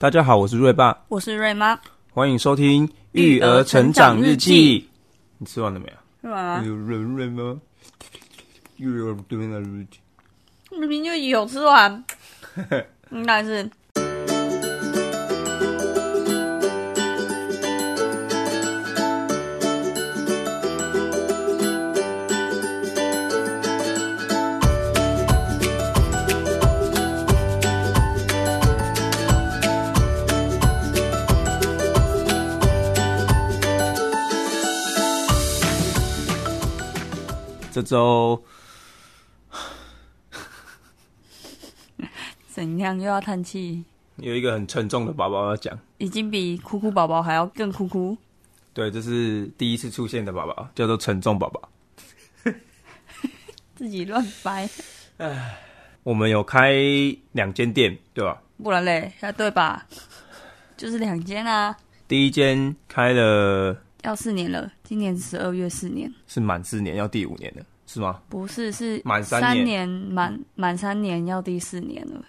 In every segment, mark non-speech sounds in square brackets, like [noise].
大家好，我是芮爸，我是芮媽，歡迎收聽《育兒成長日記》日記。你吃完了沒有？吃完了。有人瑞芮媽，《育兒成長日記》，明明就有吃完，應該 [laughs] 是。這週怎樣又要嘆氣？有一個很沉重的寶寶要講，已經比哭哭寶寶還要更哭哭。對，這是第一次出現的寶寶，叫做沉重寶寶。自己亂掰。哎，我們有開兩間店，對吧？不然嘞，對吧？就是兩間啊。第一間開了。要四年了，今年十二月四年是滿四年，要第五年了，是嗎？不是，是滿三年，滿滿滿三年要第四年了。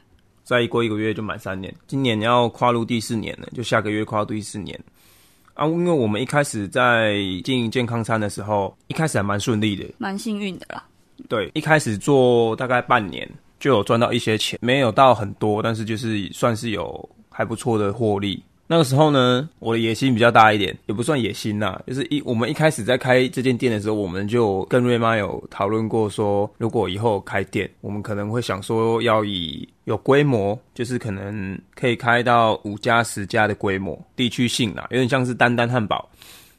再過一,一個月就滿三年，今年要跨入第四年了，就下個月跨入第四年啊！因為我們一開始在經營健康餐的時候，一開始還蠻順利的，蠻幸運的啦。對，一開始做大概半年就有賺到一些錢，沒有到很多，但是就是算是有還不錯的獲利。那個時候呢，我的野心比較大一點，也不算野心啦。就是一，我們一開始在開這間店的時候，我們就跟瑞媽有討論過說，說如果以後開店，我們可能會想說要以有規模，就是可能可以開到五家、十家的規模，地區性啦，有點像是丹丹漢堡，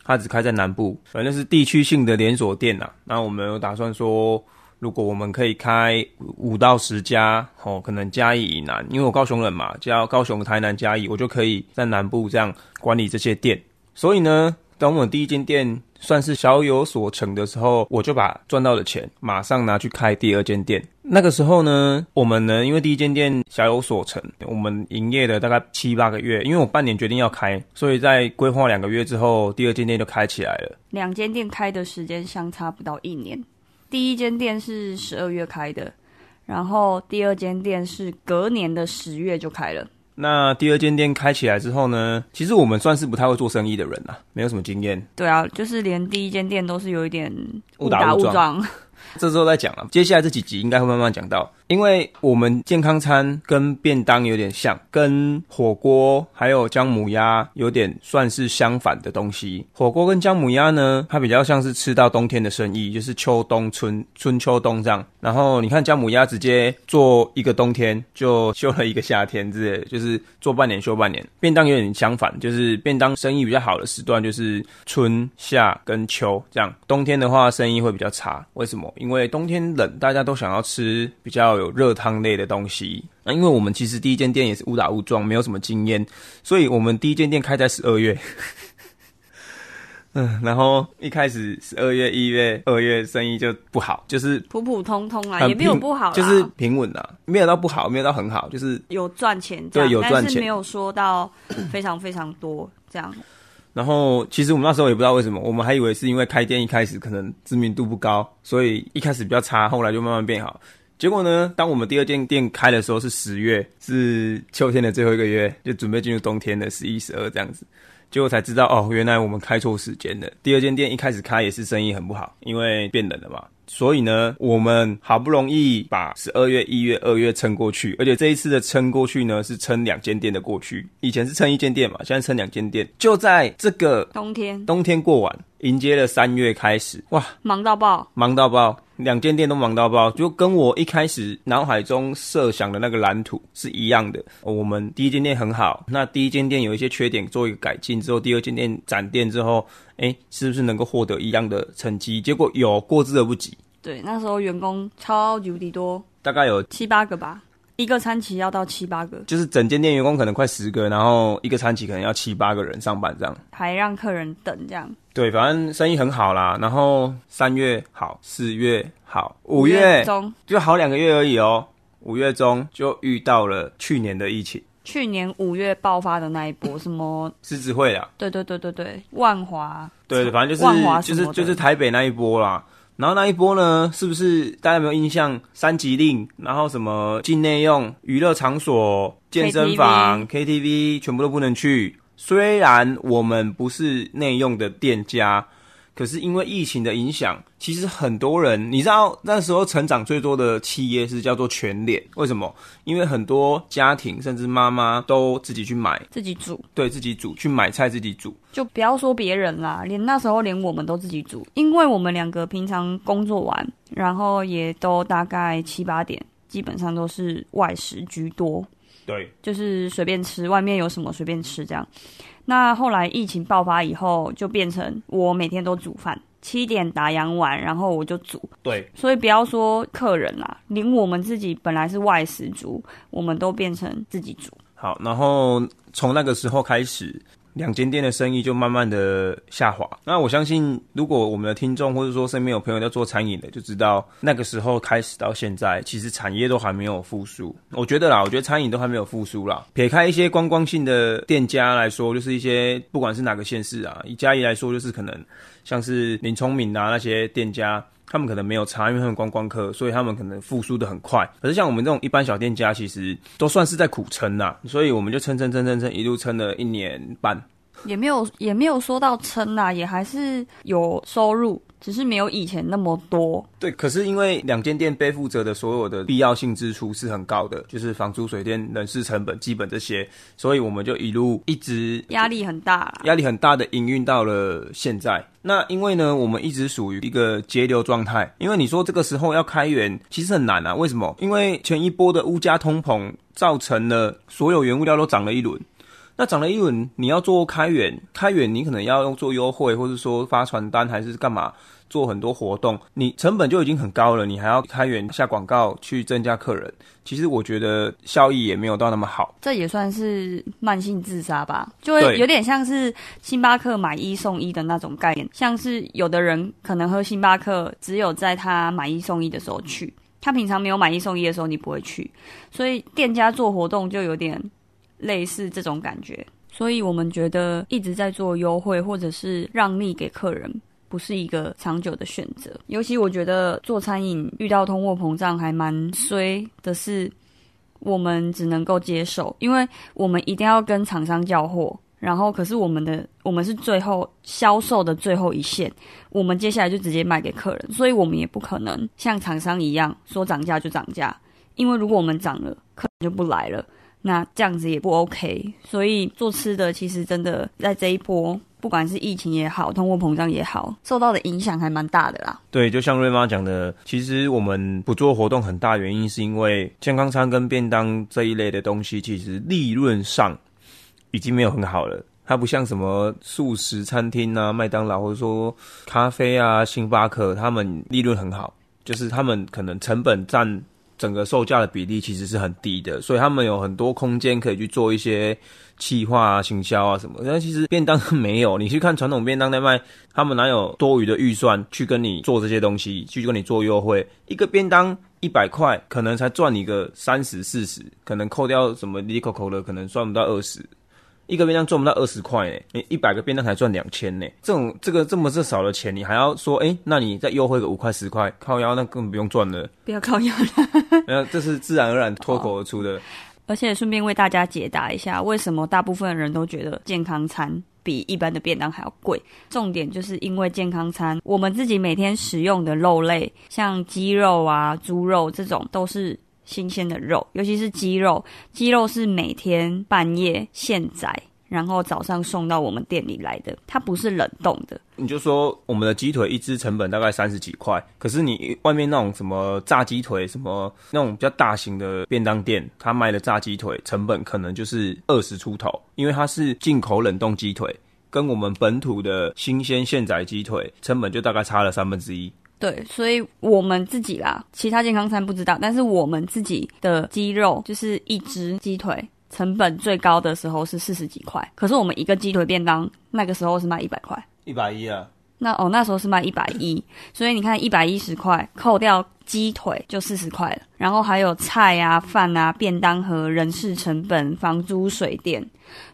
它只開在南部，反正是地區性的連鎖店啦，那我們有打算說。如果我們可以開五到十家，哦，可能嘉義以南，因為我高雄人嘛，只要高雄、台南、嘉義，我就可以在南部這樣管理這些店。所以呢，等我第一間店算是小有所成的時候，我就把賺到的錢馬上拿去開第二間店。那個時候呢，我們呢，因為第一間店小有所成，我們營業了大概七八個月，因為我半年決定要開，所以在規劃兩個月之後，第二間店就開起來了。兩間店開的時間相差不到一年。第一間店是十二月開的，然後第二間店是隔年的十月就開了。那第二間店開起來之後呢，其實我們算是不太會做生意的人啦，沒有什麼經驗。對啊，就是連第一間店都是有一點誤打誤撞。 [laughs] 這時候再講了，啊，接下來這幾集應該會慢慢講到。因為我們健康餐跟便當有點像，跟火鍋還有薑母鴨有點算是相反的東西。火鍋跟薑母鴨呢，它比較像是吃到冬天的生意，就是秋冬春、春秋冬這樣。然後你看薑母鴨直接做一個冬天就休了一個夏天之類的，就是做半年休半年。便當有點相反，就是便當生意比較好的時段就是春夏跟秋這樣，冬天的話生意會比較差。為什麼？因為冬天冷，大家都想要吃比較。有熱湯類的東西。啊、因為我們其實第一間店也是誤打誤撞，沒有什麼經驗，所以我們第一間店開在十二月， [laughs] 嗯，然後一開始十二月、一月、二月生意就不好，就是普普通通啊，嗯、也沒有不好，就是平穩的，沒有到不好，沒有到很好，就是有賺錢，對，有賺錢，但是沒有說到非常非常多這樣。然後其實我們那時候也不知道為什麼，我們還以為是因為開店一開始可能知名度不高，所以一開始比較差，後來就慢慢變好。結果呢，當我們第二間店開的時候是十月，是秋天的最後一個月，就準備進入冬天的十一、十二這樣子。結果才知道哦，原來我們開錯時間了。第二間店一開始開也是生意很不好，因為變冷了嘛。所以呢，我們好不容易把十二月、一月、二月撐過去，而且這一次的撐過去呢，是撐兩間店的過去。以前是撐一間店嘛，現在撐兩間店。就在這個冬天，冬天過完，迎接了三月開始，哇，忙到爆，忙到爆。兩間店都忙到爆，就跟我一開始腦海中設想的那個藍圖是一樣的。我們第一間店很好，那第一間店有一些缺點，做一個改進之後，第二間店展店之後，哎，是不是能夠獲得一樣的成績？結果有過之而不及。對，那時候員工超級無敵多，大概有七八個吧，一個餐期要到七八個，就是整間店員工可能快十個，然後一個餐期可能要七八個人上班這樣，還讓客人等這樣。對，反正生意很好啦。然後三月好，四月好，五月，五月中就好兩個月而已哦。五月中就遇到了去年的疫情，去年五月爆發的那一波，什麼獅、嗯、子會啊？對對對對對，萬華。對對，反正就是萬華，就是就是台北那一波啦。然後那一波呢，是不是大家有沒有印象？三級令，然後什麼禁內用娛樂場所、健身房、KTV 全部都不能去。雖然我們不是內用的店家，可是因為疫情的影響，其實很多人，你知道那時候成長最多的企業是叫做全聯，為什麼？因為很多家庭甚至媽媽都自己去買、自己煮，對，自己煮，去買菜自己煮，就不要說別人啦，連那時候連我們都自己煮，因為我們兩個平常工作完，然後也都大概七八點，基本上都是外食居多。對，就是隨便吃外面有什麼隨便吃這樣。那後來疫情爆發以後，就變成我每天都煮飯，七點打烊完，然後我就煮。對，所以不要說客人啦，連我們自己本來是外食族，我們都變成自己煮。好，然後從那個時候開始。兩間店的生意就慢慢的下滑。那我相信，如果我們的聽眾或者說身邊有朋友在做餐飲的，就知道那個時候開始到現在，其實產業都還沒有復甦。我覺得啦，我覺得餐飲都還沒有復甦啦。撇開一些觀光性的店家來說，就是一些不管是哪個縣市啊，以嘉義來說，就是可能像是林聰明啊那些店家。他們可能沒有差，因為他們觀光客，所以他們可能復甦的很快。可是像我們這種一般小店家，其實都算是在苦撐啦。所以我們就撐撐撐撐撐，一路撐了一年半。也沒有也沒有說到撐吶，也還是有收入，只是沒有以前那麼多。對，可是因為兩間店背負着的所有的必要性支出是很高的，就是房租、水電、人事成本、基本這些，所以我們就一路一直壓力很大，壓力很大的營運到了現在，那因為呢，我們一直屬於一個節流狀態。因為你說這個時候要開源，其實很難啊。為什麼？因為前一波的物價通膨造成了所有原物料都漲了一輪。那長了一輪，你要做開源，開源你可能要用做優惠，或者說發傳單，還是幹嘛做很多活動，你成本就已經很高了，你還要開源，下廣告去增加客人，其實我覺得效益也沒有到那麼好。這也算是慢性自殺吧，就會有點像是星巴克買一送一的那種概念，像是有的人可能喝星巴克只有在他買一送一的時候去，他平常沒有買一送一的時候你不會去，所以店家做活動就有點。類似這種感覺，所以我們覺得一直在做優惠或者是讓利給客人，不是一個長久的選擇。尤其我覺得做餐飲遇到通貨膨脹還蠻衰的是，我們只能夠接受，因為我們一定要跟廠商叫貨，然後可是我們的我們是最後銷售的最後一線，我們接下來就直接賣給客人，所以我們也不可能像廠商一樣說漲價就漲價，因為如果我們漲了，客人就不來了。那這樣子也不 OK，所以做吃的其實真的在這一波，不管是疫情也好，通貨膨脹也好，受到的影響還蠻大的啦。對，就像芮媽講的，其實我們不做活動很大原因是因為健康餐跟便當這一類的東西，其實利潤上已經沒有很好了。它不像什麼素食餐廳啊、麥當勞或者說咖啡啊、星巴克，他們利潤很好，就是他們可能成本占。整個售價的比例其實是很低的，所以他們有很多空間可以去做一些企劃啊、行銷啊什麼。但其實便當沒有，你去看傳統便當在賣，他們哪有多餘的預算去跟你做這些東西，去跟你做優惠？一個便當一百塊，可能才賺你個三十四十，可能扣掉什麼折扣的可能賺不到二十。一個便當賺不到二十塊呢，誒、欸，一百個便當才賺兩千呢。這種這個這麼是少的錢，你還要說，誒、欸、那你再優惠個五塊十塊，靠腰那更不用賺了，不要靠腰了。呃， [laughs] 這是自然而然脫口而出的。哦、而且順便為大家解答一下，為什麼大部分人都覺得健康餐比一般的便當還要貴？重點就是因為健康餐我們自己每天使用的肉類，像雞肉啊、豬肉這種都是。新鮮的肉，尤其是雞肉，雞肉是每天半夜現宰，然後早上送到我們店裡來的，它不是冷凍的。你就說我們的雞腿一隻成本大概三十幾塊，可是你外面那種什麼炸雞腿，什麼那種比較大型的便當店，他賣的炸雞腿成本可能就是二十出頭，因為它是進口冷凍雞腿，跟我們本土的新鮮現宰雞腿成本就大概差了三分之一。對，所以我們自己啦，其他健康餐不知道，但是我們自己的雞肉就是一隻雞腿，成本最高的時候是四十幾塊。可是我們一個雞腿便當賣的、那個、時候是賣一百塊，一百一啊。那哦，那時候是賣一百一，所以你看一百一十塊扣掉雞腿就四十塊了，然後還有菜啊、飯啊、便當和人事成本、房租、水電，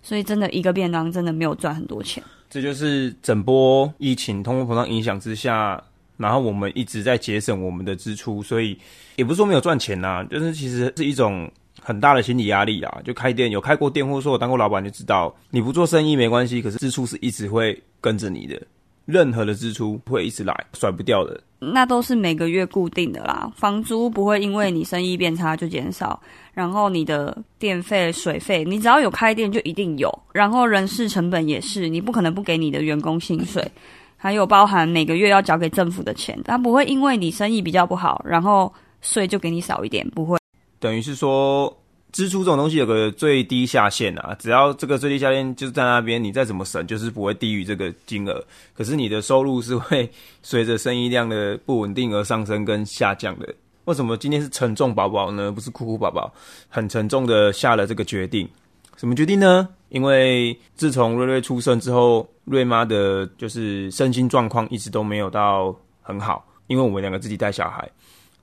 所以真的一個便當真的沒有賺很多錢。這就是整波疫情、通貨膨脹影響之下。然後我們一直在節省我們的支出，所以也不是說沒有賺錢吶，啊，就是其實是一種很大的心理壓力啊。就開店有開過店，或者說我當過老闆就知道，你不做生意沒關係，可是支出是一直會跟着你的，任何的支出會一直來，甩不掉的。那都是每個月固定的啦，房租不會因為你生意變差就減少， [laughs] 然後你的電費、水費，你只要有開店就一定有，然後人事成本也是，你不可能不給你的員工薪水。 [laughs] 還有包含每個月要繳給政府的錢，他不會因為你生意比較不好，然後稅就給你少一點，不會。等於是說，支出這種東西有個最低下限啊。只要這個最低下限就是在那邊，你再怎麼省，就是不會低於這個金額。可是你的收入是會隨着生意量的不穩定而上升跟下降的。為什麼今天是沉重寶寶呢？不是酷酷寶寶，很沉重的下了這個決定。什麼決定呢？因為自從瑞瑞出生之後。芮媽的就是身心狀況一直都沒有到很好，因為我們兩個自己帶小孩，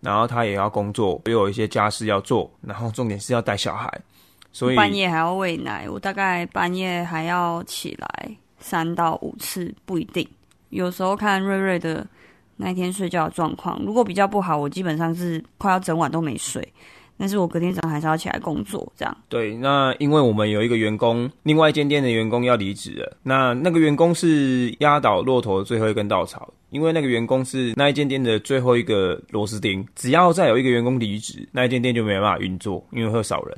然後她也要工作，也有一些家事要做，然後重點是要帶小孩，所以半夜還要餵奶，我大概半夜還要起來三到五次，不一定，有時候看芮芮的那一天睡覺的狀況，如果比較不好，我基本上是快要整晚都沒睡。但是我隔天早上還是要起來工作，這樣。對，那因為我們有一個員工，另外一間店的員工要離職了。那那個員工是壓倒駱駝的最後一根稻草，因為那個員工是那一間店的最後一個螺絲釘，只要再有一個員工離職，那一間店就沒辦法運作，因為會少人。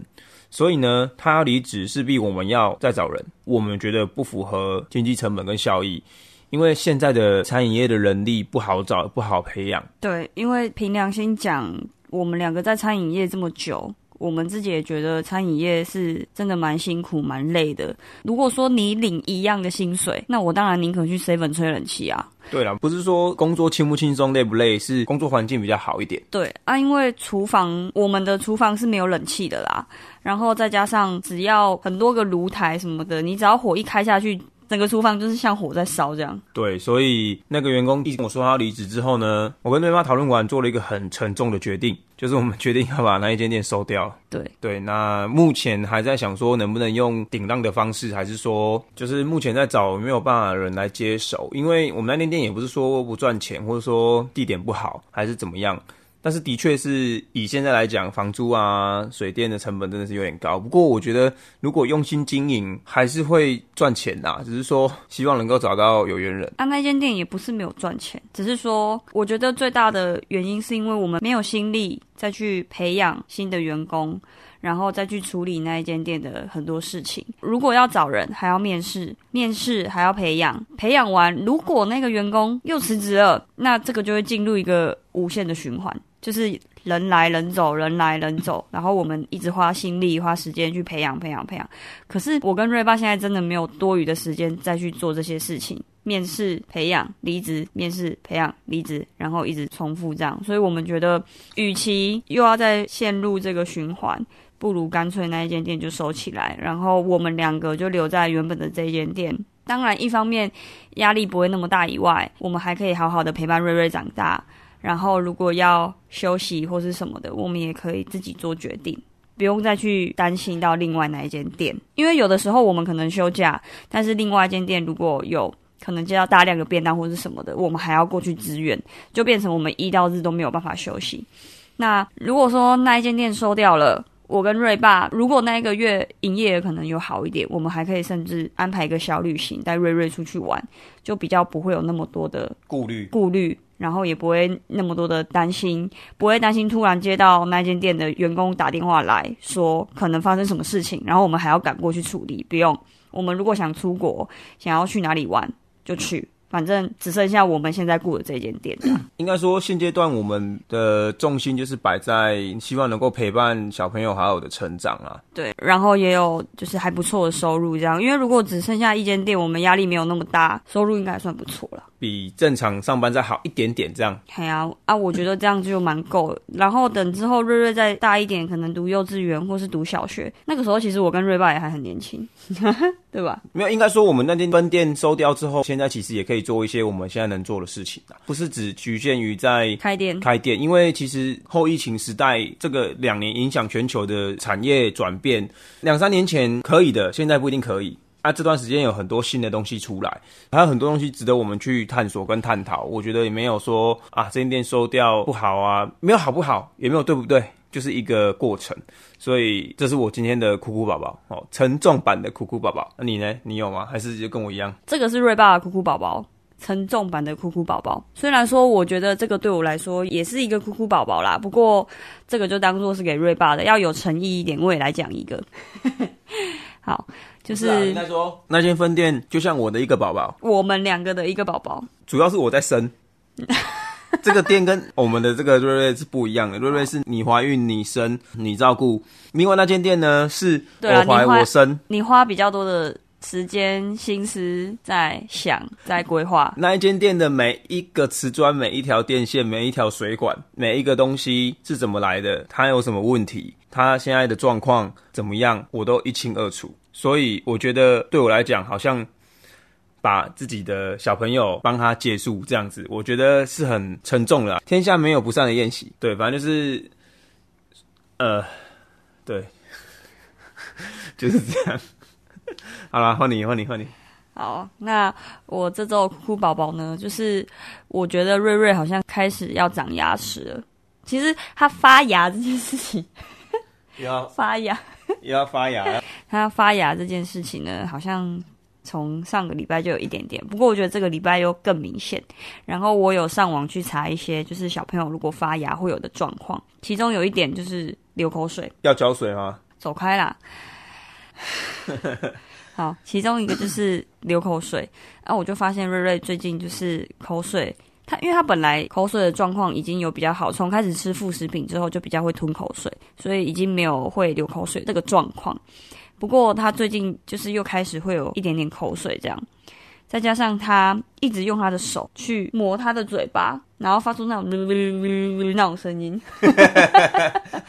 所以呢，他離職勢必我們要再找人，我們覺得不符合經濟成本跟效益，因為現在的餐飲業的人力不好找，不好培養。對，因為憑良心講。我們兩個在餐飲業這麼久，我們自己也覺得餐飲業是真的蠻辛苦，蠻累的。如果說你領一樣的薪水，那我當然寧可去7-11吹冷氣啊。對了，不是說工作輕不輕鬆，累不累，是工作環境比較好一點。對啊，因為廚房我們的廚房是沒有冷氣的啦，然後再加上只要很多個爐台什麼的，你只要火一開下去。整個廚房就是像火在燒這樣。對，所以那個員工一直跟我說他離職之後呢，我跟對方討論完，做了一個很沉重的決定，就是我們決定要把那一間店收掉。對對，那目前還在想說能不能用頂讓的方式，還是說就是目前在找沒有辦法的人來接手，因為我們那間店也不是說不賺錢，或者說地點不好，還是怎麼樣。但是的確是以現在來講，房租啊、水電的成本真的是有點高。不過我覺得，如果用心經營，還是會賺錢啦、啊。只、就是說，希望能夠找到有緣人。啊、那那間店也不是沒有賺錢，只是說，我覺得最大的原因是因為我們沒有心力再去培養新的員工，然後再去處理那一間店的很多事情。如果要找人，還要面試，面試還要培養，培養完，如果那個員工又辭職了，那這個就會進入一個無限的循環。就是人來人走，人來人走，然後我們一直花心力、花時間去培養、培養、培養。可是我跟芮爸現在真的沒有多餘的時間再去做這些事情，面試、培養、離職、面試、培養、離職，然後一直重複這樣。所以我們覺得，與其又要再陷入這個循環，不如乾脆那一間店就收起來，然後我們兩個就留在原本的這一間店。當然，一方面壓力不會那麼大以外，我們還可以好好的陪伴芮芮長大。然後，如果要休息或是什麼的，我們也可以自己做決定，不用再去擔心到另外那一間店。因為有的時候我們可能休假，但是另外一間店如果有可能接到大量的便當或是什麼的，我們還要過去支援，就變成我們一到日都沒有辦法休息。那如果說那一間店收掉了，我跟瑞爸，如果那一個月營業可能有好一點，我們還可以甚至安排一個小旅行，帶瑞瑞出去玩，就比較不會有那麼多的顧慮。顧慮。然後也不會那麼多的擔心，不會擔心突然接到那間店的員工打電話來說可能發生什麼事情，然後我們還要趕過去處理。不用，我們如果想出國，想要去哪裡玩就去，反正只剩下我們現在雇的這間店。應該說現階段我們的重心就是擺在希望能夠陪伴小朋友、好好的成長啊。對，然後也有就是還不錯的收入，這樣，因為如果只剩下一間店，我們壓力沒有那麼大，收入應該還算不錯了。比正常上班再好一點點，這樣。哎呀、啊，啊，我覺得這樣子就蠻夠了。然後等之後瑞瑞再大一點，可能讀幼稚園或是讀小學，那個時候其實我跟瑞爸也還很年輕， [laughs] 對吧？沒有，應該說我們那間分店收掉之後，現在其實也可以做一些我們現在能做的事情，不是只局限於在開店。開店，因為其實後疫情時代這個兩年影響全球的產業轉變，兩三年前可以的，現在不一定可以。那、啊、這段時間有很多新的東西出來，還有很多東西值得我們去探索跟探討。我覺得也沒有說啊，這間店收掉不好啊，沒有好不好，也沒有對不對，就是一個過程。所以，這是我今天的哭哭寶寶哦，沉重版的哭哭寶寶。那、啊、你呢？你有嗎？還是就跟我一樣？這個是瑞爸的哭哭寶寶，沉重版的哭哭寶寶。雖然說我覺得這個對我來說也是一個哭哭寶寶啦，不過這個就當做是給瑞爸的，要有誠意一點，我也來講一個。 [laughs] 好，就是。是啊，那那間分店就像我的一個寶寶，我們兩個的一個寶寶。主要是我在生。 [laughs] 這個店跟我們的這個芮芮是不一樣的，好芮芮是你懷孕、你生、你照顧，另外那間店呢，是我懷、我生，你花比較多的時間、心思在想、在規劃。那一間店的每一個瓷磚、每一條電線、每一條水管、每一個東西是怎麼來的？它有什麼問題？他現在的狀況怎麼樣？我都一清二楚，所以我覺得對我來講，好像把自己的小朋友幫他借宿這樣子，我覺得是很沉重了、啊。天下沒有不散的宴席，對，反正就是，呃，對， [laughs] 就是這樣。好啦，換你，換你，換你。好，那我這周哭哭寶寶呢？就是我覺得瑞瑞好像開始要長牙齒了。其實他發牙這件事情。 [laughs] 要發芽，要發芽。他要發芽這件事情呢，好像從上個禮拜就有一點點，不過我覺得這個禮拜又更明顯。然後我有上網去查一些，就是小朋友如果發芽會有的狀況，其中有一點就是流口水。要澆水嗎？走開啦！ [laughs] 好，其中一個就是流口水。啊，我就發現瑞瑞最近就是口水。他，因為他本來口水的狀況已經有比較好，從開始吃副食品之後就比較會吞口水，所以已經沒有會流口水這個狀況。不過他最近就是又開始會有一點點口水這樣。再加上他一直用他的手去磨他的嘴巴，然後發出那種那種聲音，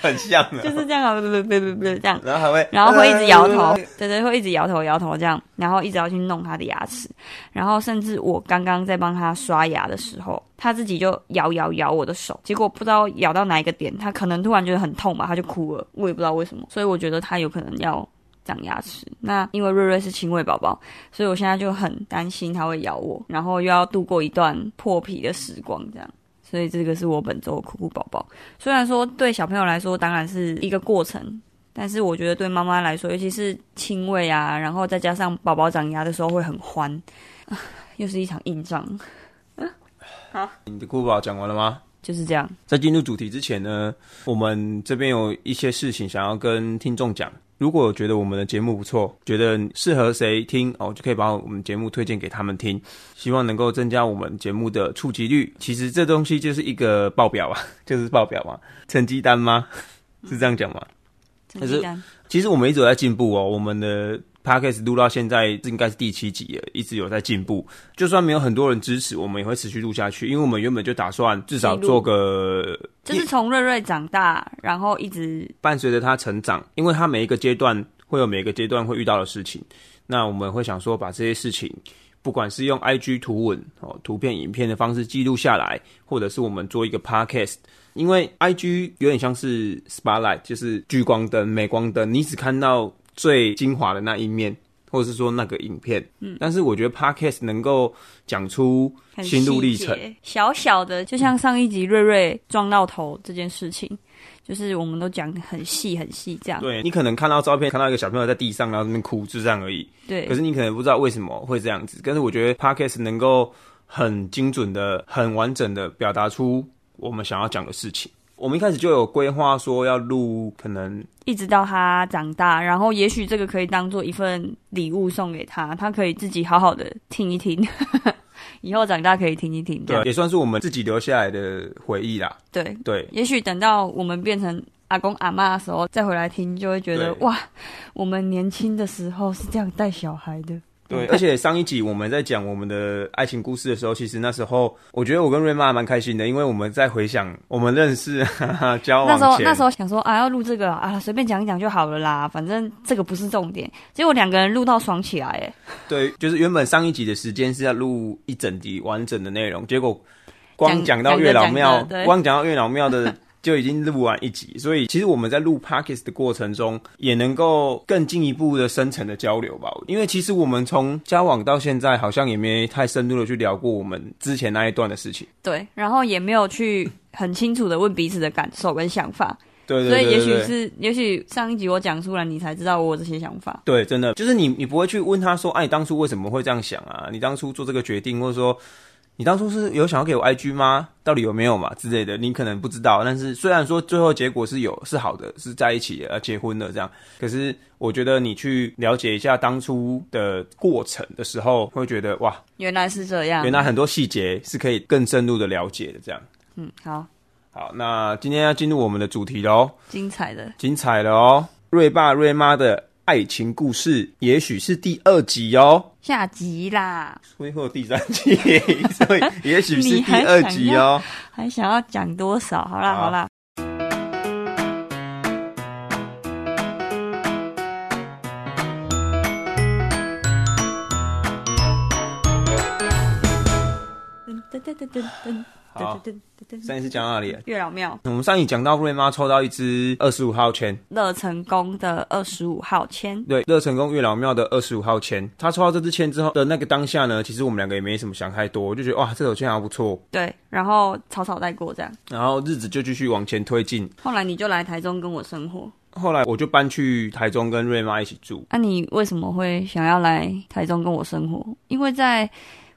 很像的。就是這樣，嗶這樣。然後還會，然後會一直搖頭，對對，會一直搖頭搖頭這樣。然後一直要去弄他的牙齒，然後甚至我剛剛在幫他刷牙的時候，他自己就咬咬咬我的手，結果不知道咬到哪一個點，他可能突然覺得很痛吧，他就哭了。我也不知道為什麼，所以我覺得他有可能要。長牙齒，那因為瑞瑞是親餵寶寶，所以我現在就很擔心他會咬我，然後又要度過一段破皮的時光，這樣，所以這個是我本周的酷酷寶寶。雖然說對小朋友來說當然是一個過程，但是我覺得對媽媽來說，尤其是親餵啊，然後再加上寶寶長牙的時候會很歡，啊、又是一場硬仗。嗯、啊，好、啊，你的酷寶講完了嗎？就是這樣。在進入主題之前呢，我們這邊有一些事情想要跟聽眾講。如果覺得我們的節目不錯，覺得適合誰聽哦，就可以把我們節目推薦給他們聽，希望能夠增加我們節目的觸及率。其實這東西就是一個報表啊，就是報表嘛、啊，成績單嗎？是這樣講嗎？嗯、成績單。但是，其實我們一直在進步哦，我們的。Podcast 錄到現在應該是第七集了，一直有在進步。就算沒有很多人支持，我們也會持續錄下去，因為我們原本就打算至少做個。就是從瑞瑞長大，然後一直伴隨着他成長，因為他每一個階段會有每一個階段會遇到的事情。那我們會想說，把這些事情，不管是用 IG 圖文哦、圖片、影片的方式記錄下來，或者是我們做一個 Podcast，因為 IG 有點像是 Spotlight，就是聚光燈、鎂光燈，你只看到。最精華的那一面，或者是說那個影片。嗯，但是我覺得 Podcast 能夠講出心路歷程，小小的，就像上一集瑞瑞撞到頭這件事情，嗯、就是我們都講很細很細這樣。對，你可能看到照片，看到一個小朋友在地上，然後在那邊哭，就是、這樣而已。對，可是你可能不知道為什麼會這樣子，但是我覺得 Podcast 能夠很精準的、很完整的表達出我們想要講的事情。我們一開始就有規劃說要錄，可能一直到他長大，然後也許這個可以當做一份禮物送給他，他可以自己好好的聽一聽。呵呵，以後長大可以聽一聽，對，對，也算是我們自己留下來的回憶啦。對對，對，也許等到我們變成阿公阿媽的時候再回來聽，就會覺得對，哇，我們年輕的時候是這樣帶小孩的。對，而且上一集我們在講我們的愛情故事的時候，其實那時候我覺得我跟芮媽蠻開心的，因為我們在回想我們認識，哈哈，交往。那時候那時候想說啊，要錄這個啊，隨便講一講就好了啦，反正這個不是重點。結果兩個人錄到爽起來耶，哎。對，就是原本上一集的時間是要錄一整集完整的內容，結果光講到月老廟，光講到月老廟的。就已經錄完一集，所以其實我們在錄 podcast 的過程中，也能夠更進一步的深層的交流吧。因為其實我們從交往到現在，好像也沒太深入的去聊過我們之前那一段的事情。對，然後也沒有去很清楚的問彼此的感受跟 [laughs] 想法。對,對,對,對,對,對，所以也許是，也許上一集我講出來，你才知道我有這些想法。對，真的就是你，你不會去問他說：“哎、啊，當初為什麼會這樣想啊？你當初做這個決定，或者說……”你當初是有想要給我 IG 嗎？到底有沒有嘛？之類的，你可能不知道，但是雖然說最後結果是有，是好的，是在一起呃結婚了這樣。可是我覺得你去了解一下當初的過程的時候，會覺得哇，原來是這樣，原來很多細節是可以更深入的了解的這樣。嗯，好好，那今天要進入我們的主題嘍，精彩的，精彩的哦，芮爸芮媽的。愛情故事，也許是第二集哦，下集啦，最後第三集， [laughs] 所以也許是第二集哦。還想要講多少？好啦，好啦。好。嗯嗯嗯嗯。好，對對對，上一次講到哪裡？月老廟。我們上一次講到瑞媽抽到一支二十五號籤，樂成宮的二十五號籤。對，樂成宮月老廟的二十五號籤。他抽到這支籤之後的那個當下呢，其實我們兩個也沒什麼想太多，我就覺得哇，這首籤還不錯。對，然後草草帶過這樣。然後日子就繼續往前推進，嗯。後來你就來台中跟我生活。後來我就搬去台中跟瑞媽一起住。那、啊、你為什麼會想要來台中跟我生活？因為在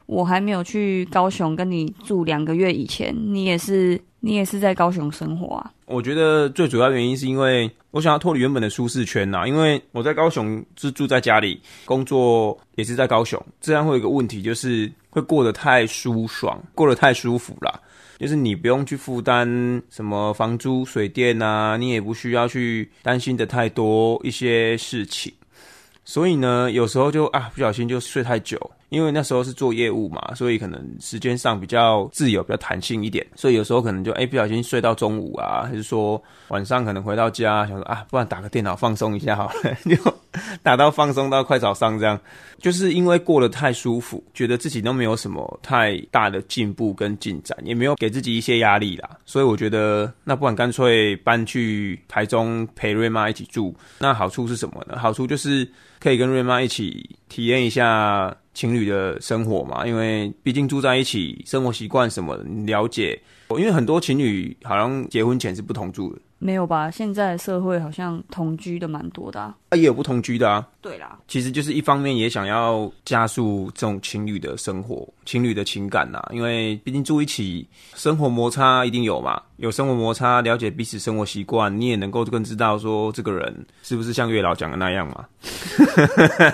我還沒有去高雄跟你住兩個月以前，你也是你也是在高雄生活啊？我覺得最主要原因是因為我想要脫離原本的舒適圈吶、啊，因為我在高雄是住在家裡，工作也是在高雄，這樣會有一個問題，就是會過得太舒爽，過得太舒服啦。就是你不用去負擔什麼房租水電啊，你也不需要去擔心的太多一些事情，所以呢，有時候就啊不小心就睡太久。因為那時候是做業務嘛，所以可能時間上比較自由，比較彈性一點，所以有時候可能就誒不小心睡到中午啊，還是說晚上可能回到家想說啊，不然打個電腦放鬆一下好了， [laughs] 就打到放鬆到快早上這樣，就是因為過得太舒服，覺得自己都沒有什麼太大的進步跟進展，也沒有給自己一些壓力啦，所以我覺得那不管乾脆搬去台中陪芮媽一起住，那好處是什麼呢？好處就是。可以跟芮媽一起體驗一下情侶的生活嘛。因為畢竟住在一起，生活習慣什麼的了解？因為很多情侶好像結婚前是不同住的。沒有吧？現在社會好像同居的蠻多的啊。啊，也有不同居的啊。對啦，其實就是一方面也想要加速這種情侶的生活、情侶的情感啊。因為畢竟住一起，生活摩擦一定有嘛。有生活摩擦，了解彼此生活習慣，你也能夠更知道說這個人是不是像月老講的那樣嘛。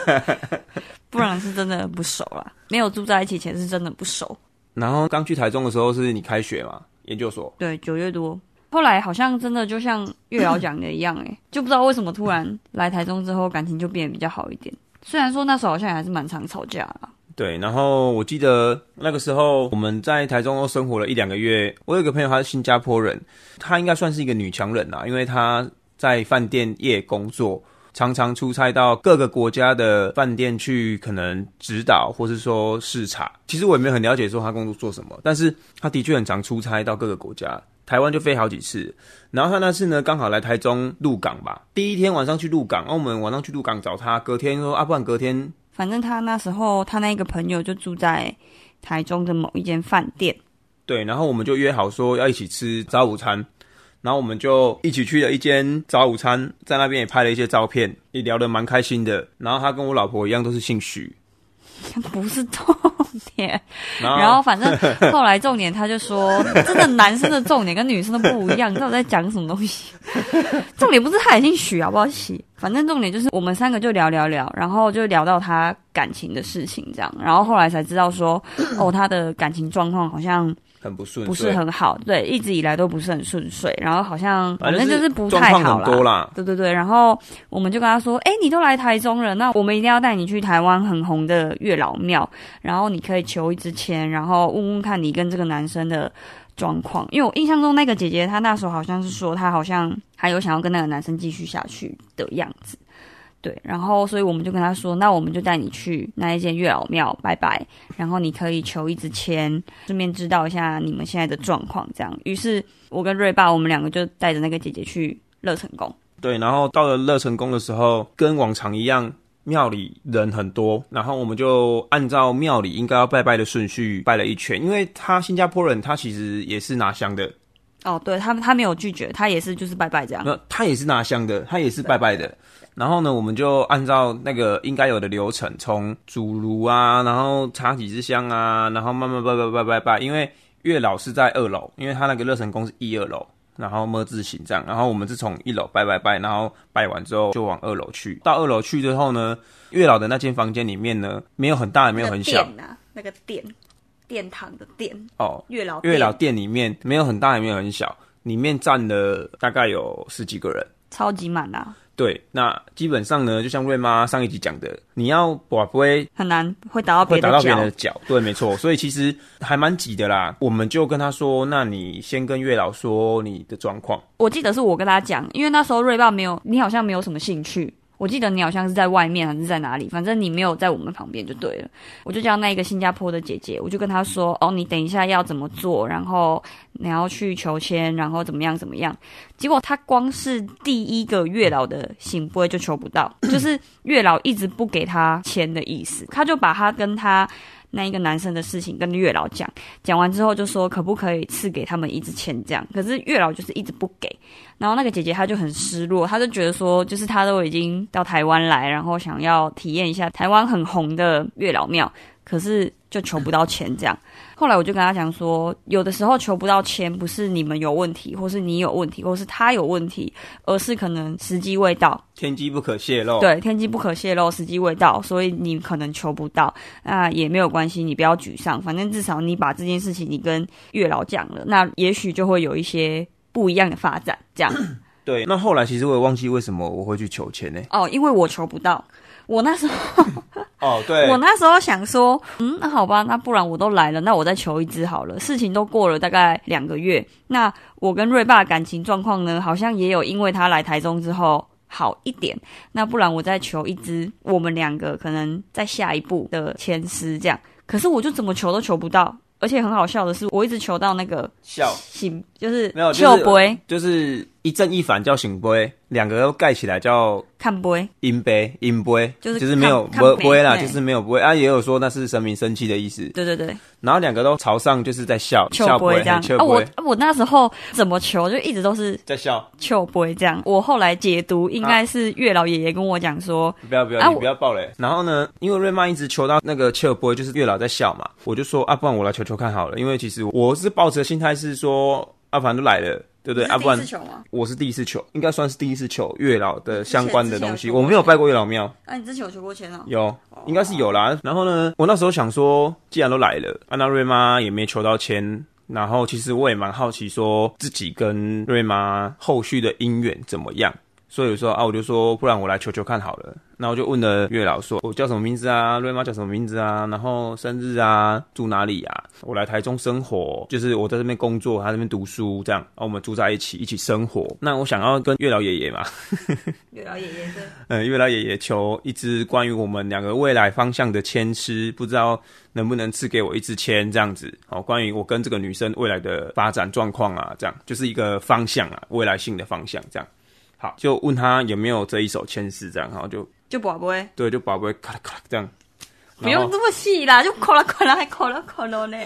[laughs] 不然是真的不熟啦，沒有住在一起前是真的不熟。然後剛去台中的時候是你開學嘛，研究所？對，九月多。後來好像真的就像月老講的一樣，欸，哎、嗯，就不知道為什麼突然來台中之後感情就變得比較好一點。雖然說那時候好像也還是蠻常吵架啦。對，然後我記得那個時候我們在台中生活了一兩個月。我有個朋友他是新加坡人，他應該算是一個女強人啦，因為他在飯店業工作。常常出差到各個國家的飯店去，可能指導或是說視察。其實我也沒有很了解說他工作做什麼，但是他的確很常出差到各個國家。台灣就飛好幾次，然後他那次呢，剛好來台中鹿港吧。第一天晚上去鹿港，然後我們晚上去鹿港找他。隔天說啊，不然隔天。反正他那時候他那個朋友就住在台中的某一間飯店。對，然後我們就約好說要一起吃早午餐。然後我們就一起去了一間早午餐，在那邊也拍了一些照片，也聊得蠻開心的。然後他跟我老婆一樣，都是姓許。不是重點。然後，然後反正後來重點，他就說， [laughs] 真的男生的重點跟女生都不一樣。你知道我在講什麼東西？重點不是他也姓許好不好？奇，反正重點就是我們三個就聊聊聊，然後就聊到他感情的事情，這樣。然後後來才知道說，哦，他的感情狀況好像。很不順，不是很好，對，一直以來都不是很順遂，然後好像反正就是不太好啦，很多啦。對對對，然後我們就跟他說，哎、欸，你都來台中了，那我們一定要帶你去台灣很紅的月老廟，然後你可以求一支籤，然後問問看你跟這個男生的狀況。因為我印象中那個姐姐她那時候好像是說，她好像還有想要跟那個男生繼續下去的樣子。對，然後所以我們就跟他說，那我們就帶你去那一間月老廟拜拜，然後你可以求一支籤，順便知道一下你們現在的狀況。這樣，於是我跟芮爸，我們兩個就帶着那個姐姐去樂成宮。對，然後到了樂成宮的時候，跟往常一樣，廟裡人很多，然後我們就按照廟裡應該要拜拜的順序拜了一圈。因為他新加坡人，他其實也是拿香的。哦，對，他他沒有拒絕，他也是就是拜拜這樣。那他也是拿香的，他也是拜拜的。然後呢，我們就按照那個應該有的流程，從主爐啊，然後插幾支香啊，然後慢慢拜拜拜拜拜。因為月老是在二樓，因為他那個樂神宮是一二樓，然後麼字形狀。然後我們是從一樓拜拜拜，然後拜完之後就往二樓去。到二樓去之後呢，月老的那間房間裡面呢，沒有很大，也沒有很小。那個殿、啊，殿、那個、殿堂的殿。哦。月老殿。月老殿裡面沒有很大也沒有很小，裡面站了大概有十幾個人，超級滿啦、啊。對，那基本上呢，就像瑞媽上一集講的，你要不會很難會打到別人腳。對， [laughs] 沒錯，所以其實還蠻急的啦。我們就跟他說，那你先跟月老說你的狀況。我記得是我跟他講，因為那時候瑞爸沒有，你好像沒有什麼興趣。我記得你好像是在外面還是在哪裡，反正你沒有在我們旁邊就對了。我就叫那一個新加坡的姐姐，我就跟她說，哦，你等一下要怎麼做，然後你要去求籤，然後怎麼樣怎麼樣。結果她光是第一個月老的信會就求不到， [coughs] 就是月老一直不給她籤的意思，她就把她跟她。那一個男生的事情跟月老講，講完之後就說，可不可以賜給他們一支籤這樣，可是月老就是一直不給，然後那個姐姐她就很失落，她就覺得說，就是她都已經到台灣來，然後想要體驗一下台灣很紅的月老廟。可是就求不到籤這樣，後來我就跟他講說，有的時候求不到籤不是你們有問題，或是你有問題，或是他有問題，而是可能時機未到，天機不可泄露。對，天機不可泄露，時機未到，所以你可能求不到，那也沒有關係，你不要沮喪，反正至少你把這件事情你跟月老講了，那也許就會有一些不一樣的發展這樣。對，那後來其實我也忘記為什麼我會去求籤呢？哦，因為我求不到。我那時候， [laughs] 哦、oh, 對，我那時候想說，嗯，那好吧，那不然我都來了，那我再求一支好了。事情都過了大概兩個月，那我跟芮爸感情狀況呢，好像也有因為他來台中之後好一點。那不然我再求一支，我們兩個可能在下一步的籤詩這樣。可是我就怎麼求都求不到，而且很好笑的是，我一直求到那個笑行，就是笑杯沒有就是。呃就是一正一反叫醒杯，兩個都蓋起來叫看杯，陰杯陰杯，杯就，是就是沒有杯杯，杯啦，對 就是沒有杯啊。也有說那是神明生氣的意思。對對對。然後兩個都朝上，就是在笑笑杯這樣。笑杯杯啊我，我我那時候怎麼求，就一直都是在笑，笑杯這樣。我後來解讀應該是月老爺爺跟我講說、啊，不要不要，啊、我 你不要爆嘞。然後呢，因為芮媽一直求到那個笑杯，就是月老在笑嘛，我就說啊，不然我來求求看好了。因為其實我是抱着心態是說，阿、啊、反正都來了。對對，啊、不對？我是第一次求，應該算是第一次求月老的相關的東西。之前之前我沒有拜過月老廟。啊，你之前有求過籤哦。有，應該是有啦。哦、然後呢，我那時候想說，既然都來了，安、啊、娜瑞媽也沒求到籤，然後其實我也蠻好奇說，說自己跟瑞媽後續的姻緣怎麼樣。所以我說啊，我就說，不然我來求求看好了。那我就問了月老說，我叫什麼名字啊？芮媽叫什麼名字啊？然後生日啊，住哪裡啊？我來台中生活，就是我在這邊工作，他在這邊讀書，這樣啊，我們住在一起，一起生活。那我想要跟月老爺爺嘛， [laughs] 月老爺爺的，嗯，月老爺爺求一支關於我們兩個未來方向的籤詩，不知道能不能賜給我一支籤這樣子？好，關於我跟這個女生未來的發展狀況啊，這樣就是一個方向啊，未來性的方向這樣。就問他有沒有這一首籤詩，卡拉卡拉這樣，然後就就拔杯，對，就拔杯，卡啦卡啦這樣，不用這麼細啦，就咔啦咔啦，還咔啦咔啦呢。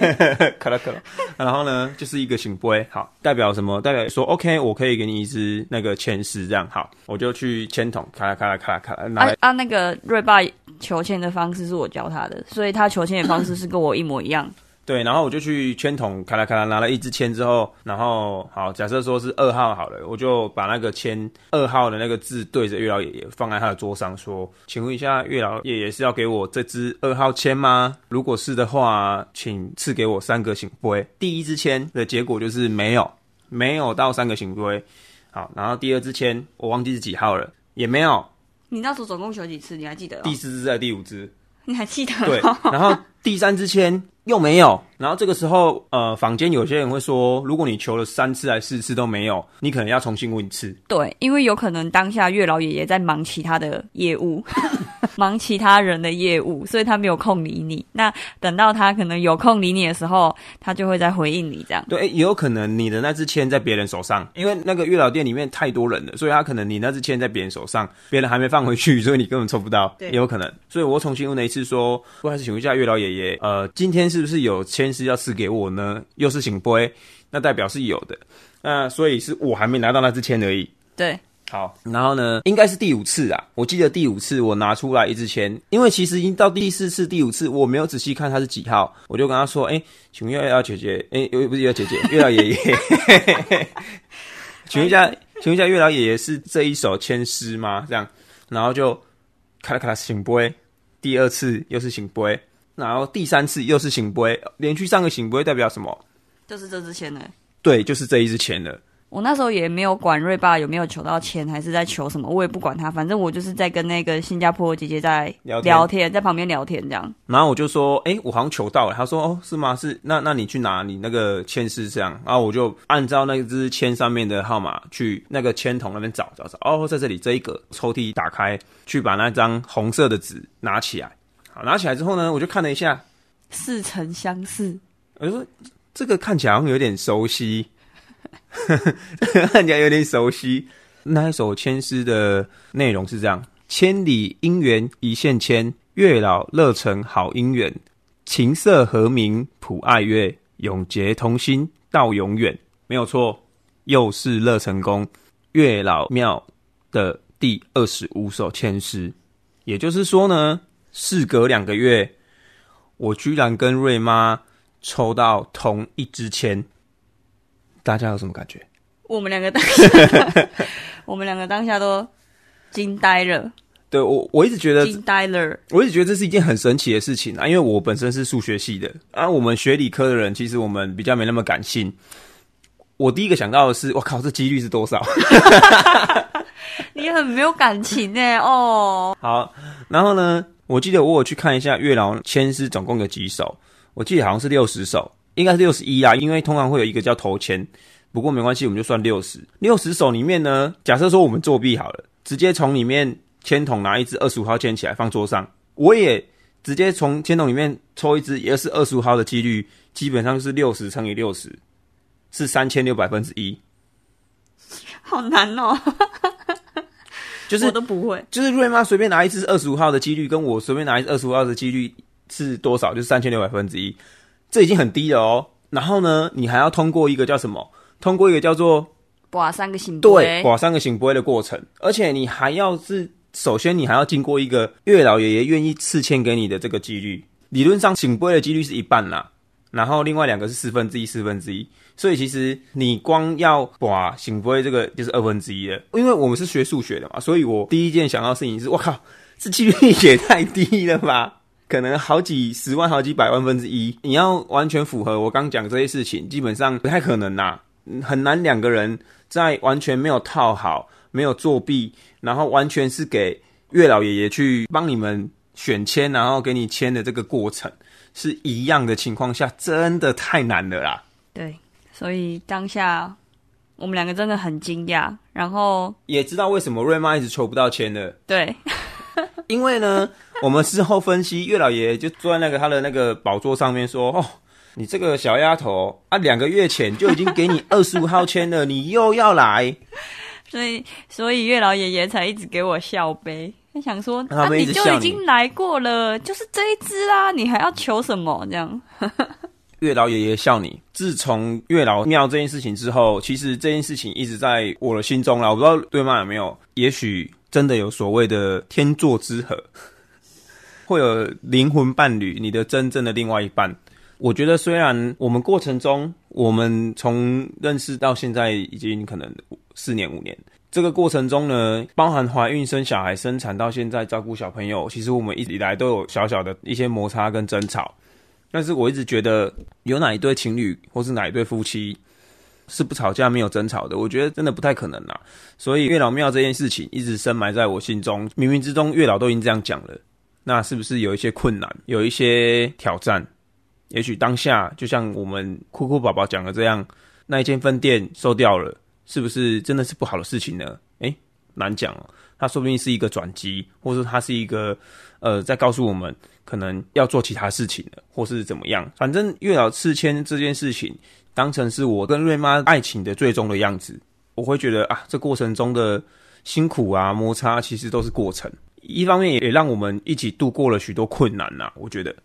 卡啦咔啦。然後呢，就是一個請杯，好，代表什麼？代表說，OK，我可以給你一支那個籤詩，這樣好，我就去籤筒，卡啦卡啦卡啦卡啦，拿。按、啊啊、那個芮爸求籤的方式是我教他的，所以他求籤的方式是跟我一模一樣。 [coughs] 對，然後我就去籤筒咔啦咔啦拿了一支籤之後，然後好假設說是二號好了，我就把那個籤二號的那個字對着月老爺爺放在他的桌上，說：“請問一下，月老爺爺是要給我這支二號籤嗎？如果是的話，請賜給我三個行規。”第一支籤的結果就是沒有，沒有到三個行規。好，然後第二支籤我忘記是幾號了，也沒有。你那時候總共求幾次？你還記得、哦？第四支還是第五支？你還記得、哦？對，然後第三支籤。 [laughs] 又沒有。然後這個時候，呃，坊間有些人會說，如果你求了三次還四次都沒有，你可能要重新問一次。對，因為有可能當下月老爺爺在忙其他的業務， [laughs] 忙其他人的業務，所以他沒有空理你。那等到他可能有空理你的時候，他就會再回應你這樣。對，也有可能你的那支籤在別人手上，因為那個月老店裡面太多人了，所以他可能你那支籤在別人手上，別人還沒放回去，所以你根本抽不到。對，也有可能。所以我重新問了一次，說，我還是請問一下月老爺爺，呃，今天是不是有籤？是要賜給我呢，又是聖杯，那代表是有的，那所以是我還沒拿到那支籤而已。對，好，然後呢，應該是第五次啊，我記得第五次我拿出來一支籤，因為其實已經到第四次、第五次，我沒有仔細看它是幾號，我就跟他說：“哎、欸，請問月老姐姐，哎、欸，不是月老姐姐， [laughs] 月老爺爺， [laughs] 請問一下，請問一下，月老爺爺是這一首籤詩嗎？這樣，然後就咔啦咔啦是聖杯，第二次又是聖杯。”然後第三次又是聖杯，連續上個聖杯代表什麼？就是這支籤呢。對，就是這一支籤了。我那時候也沒有管芮爸有沒有求到籤，還是在求什麼，我也不管他。反正我就是在跟那個新加坡姐姐在聊天，聊天，在旁邊聊天這樣。然後我就說：“哎、欸，我好像求到了。”他說：“哦，是嗎？是那那你去拿你那個籤是這樣。”然後我就按照那支籤上面的號碼去那個籤筒那邊找找找。哦，在這裡這一個抽屜打開，去把那張紅色的紙拿起來。拿起來之後呢，我就看了一下，似曾相識。我就說這個看起來好像有點熟悉， [laughs] [laughs] 看起來有點熟悉。那一首籤詩的內容是這樣：千里姻緣一線牽，月老樂成好姻緣，琴瑟和鳴普愛樂，永結同心到永遠。沒有錯，又是樂成宮。月老廟的第二十五首籤詩。也就是說呢。事隔兩個月，我居然跟芮媽抽到同一支籤，大家有什麼感覺？我們兩個當下， [laughs] 我們兩個當下都驚呆了。對，我，我一直覺得驚呆了。我一直覺得這是一件很神奇的事情啊！因為我本身是數學系的啊，我們學理科的人，其實我們比較沒那麼感性。我第一個想到的是，我靠，這機率是多少？ [laughs] [laughs] 你很沒有感情耶。哦。好，然後呢？我記得我有去看一下《月老籤詩》，總共有幾首？我記得好像是六十首，應該是六十一啦，因為通常會有一個叫頭籤。不過沒關係，我們就算六十。六十首裡面呢，假設說我們作弊好了，直接從裡面籤筒拿一支二十五號籤起來放桌上，我也直接從籤筒裡面抽一支，也是二十五號的幾率，基本上是六十乘以六十，60, 是三千六百分之一。好難哦。 [laughs] 就是我都不會，就是芮媽隨便拿一次二十五號的幾率，跟我隨便拿一次二十五號的幾率是多少？就是三千六百分之一，3, 3, 這已經很低了哦。然後呢，你還要通過一個叫什麼？通過一個叫做掛三個聖杯。對掛三個聖杯的過程，而且你還要是首先你還要經過一個月老爺爺願意賜簽給你的這個幾率，理論上聖杯的幾率是一半啦。然後另外兩個是四分之一，四分之一，4, 所以其實你光要刮醒不會這個就是二分之一了。因為我們是學數學的嘛，所以我第一件想到的事情是：我靠，這幾率也太低了吧？可能好幾十萬、好幾百萬分之一。2, 你要完全符合我剛講這些事情，基本上不太可能啦、啊。很難。兩個人在完全沒有套好、沒有作弊，然後完全是給月老爺爺去幫你們選籤，然後給你籤的這個過程。是一樣的情況下，真的太難了啦。對，所以當下我們兩個真的很驚訝，然後也知道為什麼芮媽一直抽不到籤了。對， [laughs] 因為呢，我們事後分析，月老爺就坐在那個他的那個寶座上面說：“哦，你這個小丫頭啊，兩個月前就已經給你二十五號籤了， [laughs] 你又要來，所以所以月老爺爺才一直給我笑杯。”想說，那、啊、你，你就已經來過了，就是這一支啦，啊，你還要求什麼？這樣， [laughs] 月老爺爺笑你。自從月老廟這件事情之後，其實這件事情一直在我的心中啦。我不知道對媽有沒有，也許真的有所謂的天作之合，會有靈魂伴侶，你的真正的另外一半。我覺得，雖然我們過程中，我們從認識到現在已經可能四年五年。這個過程中呢，包含懷孕、生小孩、生產到現在照顧小朋友，其實我們一直以來都有小小的一些摩擦跟爭吵。但是我一直覺得，有哪一對情侶或是哪一對夫妻是不吵架、沒有爭吵的？我覺得真的不太可能啦。所以月老廟這件事情一直深埋在我心中，冥冥之中月老都已經這樣講了，那是不是有一些困難、有一些挑戰？也許當下就像我們酷酷寶寶講的這樣，那一間分店收掉了。是不是真的是不好的事情呢？誒，難講哦。它說不定是一個轉機，或是它是一個，呃，在告訴我們可能要做其他事情了，或是怎麼樣。反正月老賜籤這件事情當成是我跟芮媽愛情的最終的樣子，我會覺得啊，這過程中的辛苦啊、摩擦，其實都是過程。一方面也也讓我們一起度過了許多困難吶、啊。我覺得，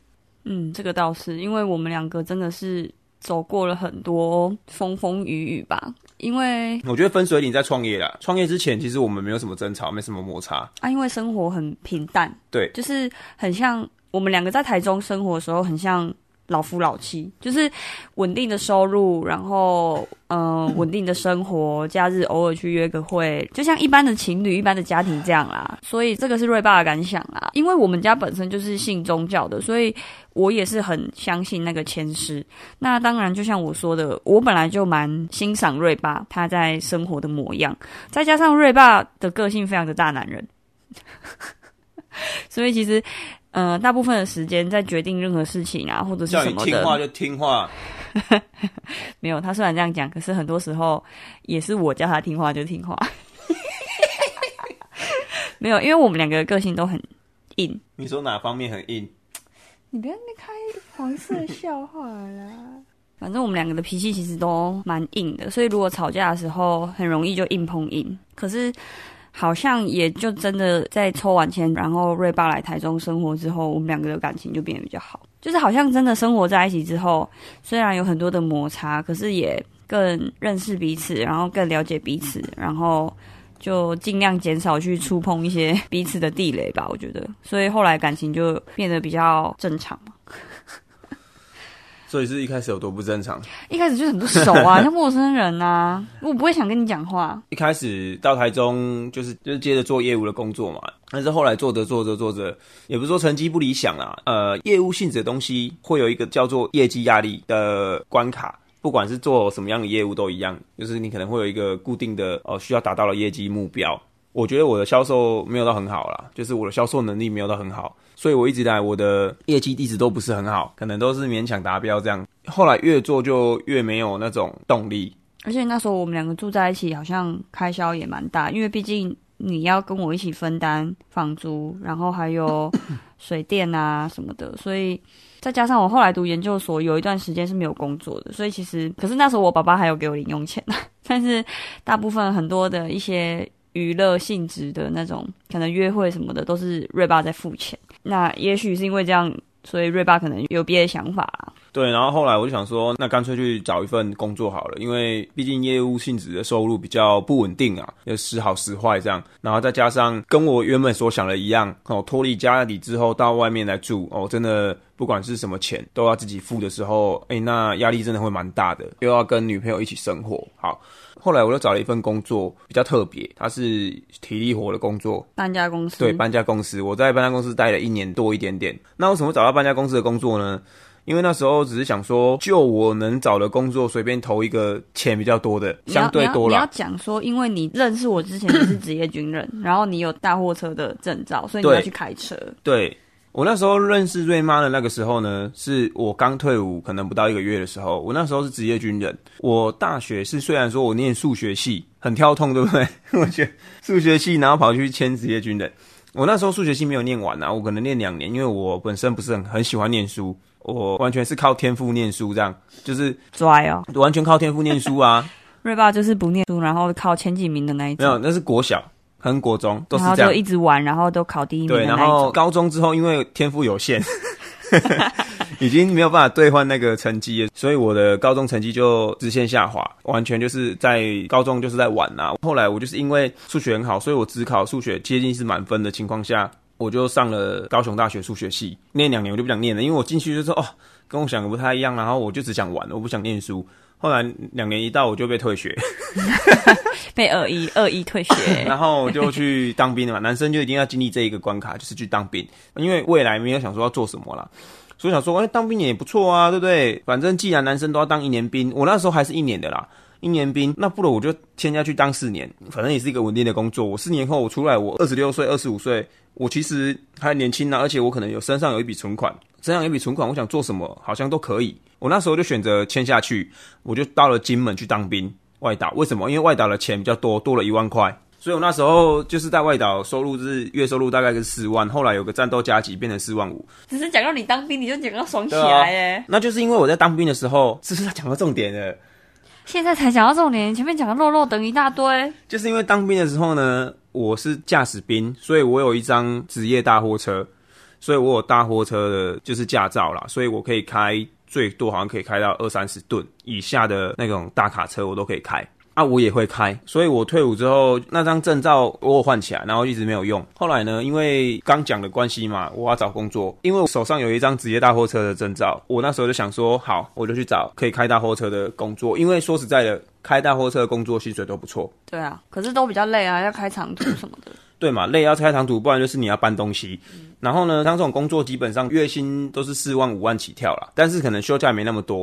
嗯，這個倒是因為我們兩個真的是。走過了很多風風雨雨吧，因為我覺得分水嶺在創業啦。創業之前，其實我們沒有什麼爭吵，沒什麼摩擦啊，因為生活很平淡。對，就是很像我們兩個在台中生活的時候，很像。老夫老妻就是穩定的收入，然後嗯、呃，穩定的生活，假日偶爾去約個會，就像一般的情侶、一般的家庭這樣啦。所以這個是芮爸的感想啦，因為我們家本身就是信宗教的，所以我也是很相信那個籤詩。那當然，就像我說的，我本來就蠻欣賞芮爸他在生活的模樣，再加上芮爸的個性非常的大男人， [laughs] 所以其實。嗯、呃，大部分的時間在決定任何事情啊，或者是什麼的。叫你聽話就聽話。 [laughs] 沒有，他雖然這樣講，可是很多時候也是我叫他聽話就聽話。 [laughs] 沒有，因為我們兩個的個性都很硬。你說哪方面很硬？你別開黃色笑話啦。 [laughs] 反正我們兩個的脾氣其實都蠻硬的，所以如果吵架的時候很容易就硬碰硬。可是。好像也就真的在抽完籤，然後芮爸來台中生活之後，我們兩個的感情就變得比較好。就是好像真的生活在一起之後，雖然有很多的摩擦，可是也更認識彼此，然後更了解彼此，然後就盡量減少去觸碰一些彼此的地雷吧，我覺得。所以後來感情就變得比較正常嘛。所以是,是一開始有多不正常，一開始就很不熟啊，像陌生人啊， [laughs] 我不會想跟你講話。一開始到台中就是就是、接着做業務的工作嘛，但是後來做着做着做着，也不是說成績不理想啦、啊，呃，業務性質的東西會有一個叫做業績壓力的關卡，不管是做什麼樣的業務都一樣，就是你可能會有一個固定的呃需要達到的業績目標。我覺得我的銷售沒有到很好啦，就是我的銷售能力沒有到很好，所以我一直以來我的業績一直都不是很好，可能都是勉強達標這樣。後來越做就越沒有那種動力，而且那時候我們兩個住在一起，好像開銷也蠻大，因為畢竟你要跟我一起分擔房租，然後還有水電啊什麼的，所以再加上我後來讀研究所有一段時間是沒有工作的，所以其實可是那時候我爸爸還有給我零用錢，但是大部分很多的一些，娛樂性質的那種，可能約會什麼的都是芮爸在付錢。那也許是因為這樣，所以芮爸可能有別的想法啊。對，然後後來我就想說，那乾脆去找一份工作好了，因為畢竟業務性質的收入比較不穩定啊，有時好時壞這樣。然後再加上跟我原本所想的一樣，哦，脫離家裡之後到外面來住，哦，真的不管是什麼錢都要自己付的時候，誒、欸，那壓力真的會蠻大的，又要跟女朋友一起生活，好。後來我又找了一份工作，比較特別，它是體力活的工作，搬家公司。對，搬家公司，我在搬家公司待了一年多一點點。那為什麼找到搬家公司的工作呢？因為那時候只是想說，就我能找的工作，隨便投一個錢比較多的，相對多了。你要講說，因為你認識我之前你是職業軍人， [coughs] 然後你有大貨車的證照，所以你要去開車。對。對我那時候認識芮媽的那個時候呢，是我剛退伍，可能不到一個月的時候。我那時候是職業軍人，我大學是雖然說我念數學系，很跳痛對不對？ [laughs] 我數學系，然後跑去簽職業軍人。我那時候數學系沒有念完啊，我可能念兩年，因為我本身不是很很喜歡念書，我完全是靠天賦念書這樣，就是拽哦，完全靠天賦念書啊。 [laughs] 芮爸就是不念書，然後靠前幾名的那一種，沒有，那是國小。很國中都是這樣，然後就一直玩，然後都考第一名一。對，然後高中之後，因為天賦有限， [laughs] [laughs] 已經沒有辦法兌換那個成績，所以我的高中成績就直線下滑，完全就是在高中就是在玩啊。後來我就是因為數學很好，所以我指考數學接近是滿分的情況下，我就上了高雄大學數學系。念兩年我就不想念了，因為我進去就說哦，跟我想的不太一樣，然後我就只想玩，我不想念書。後來兩年一到，我就被退學， [laughs] 被二一二一退學。 [laughs] 然後我就去當兵了嘛，男生就一定要經歷這一個關卡，就是去當兵，因為未來沒有想說要做什麼啦，所以想說，哎，當兵也不錯啊，對不對？反正既然男生都要當一年兵，我那時候還是一年的啦，一年兵，那不如我就簽下去當四年，反正也是一個穩定的工作。我四年後我出來，我二十六歲、二十五歲，我其實還年輕呢，而且我可能有身上有一筆存款，身上有一筆存款，我想做什麼好像都可以。我那時候就選擇簽下去，我就到了金門去當兵外島。為什麼？因為外島的錢比較多，多了一萬塊。所以我那時候就是在外島，收入是月收入大概是四萬。後來有個戰鬥加急變成四萬五。只是講到你當兵，你就講到爽起來耶。對啊。那就是因為我在當兵的時候，只是他講到重點了現在才講到重點，前面講的肉肉等一大堆。就是因為當兵的時候呢，我是駕駛兵，所以我有一張職業大貨車，所以我有大貨車的就是駕照啦。所以我可以開。最多好像可以開到二三十噸以下的那種大卡車，我都可以開。啊，我也會開，所以我退伍之後那張證照我換起來，然後一直沒有用。後來呢，因為剛講的關係嘛，我要找工作，因為我手上有一張職業大貨車的證照，我那時候就想說，好，我就去找可以開大貨車的工作，因為說實在的，開大貨車的工作薪水都不錯。對啊，可是都比較累啊，要開長途什麼的。對嘛，累要拆長途，不然就是你要搬東西。嗯、然後呢，像這種工作基本上月薪都是四萬五萬起跳啦，但是可能休假也沒那麼多。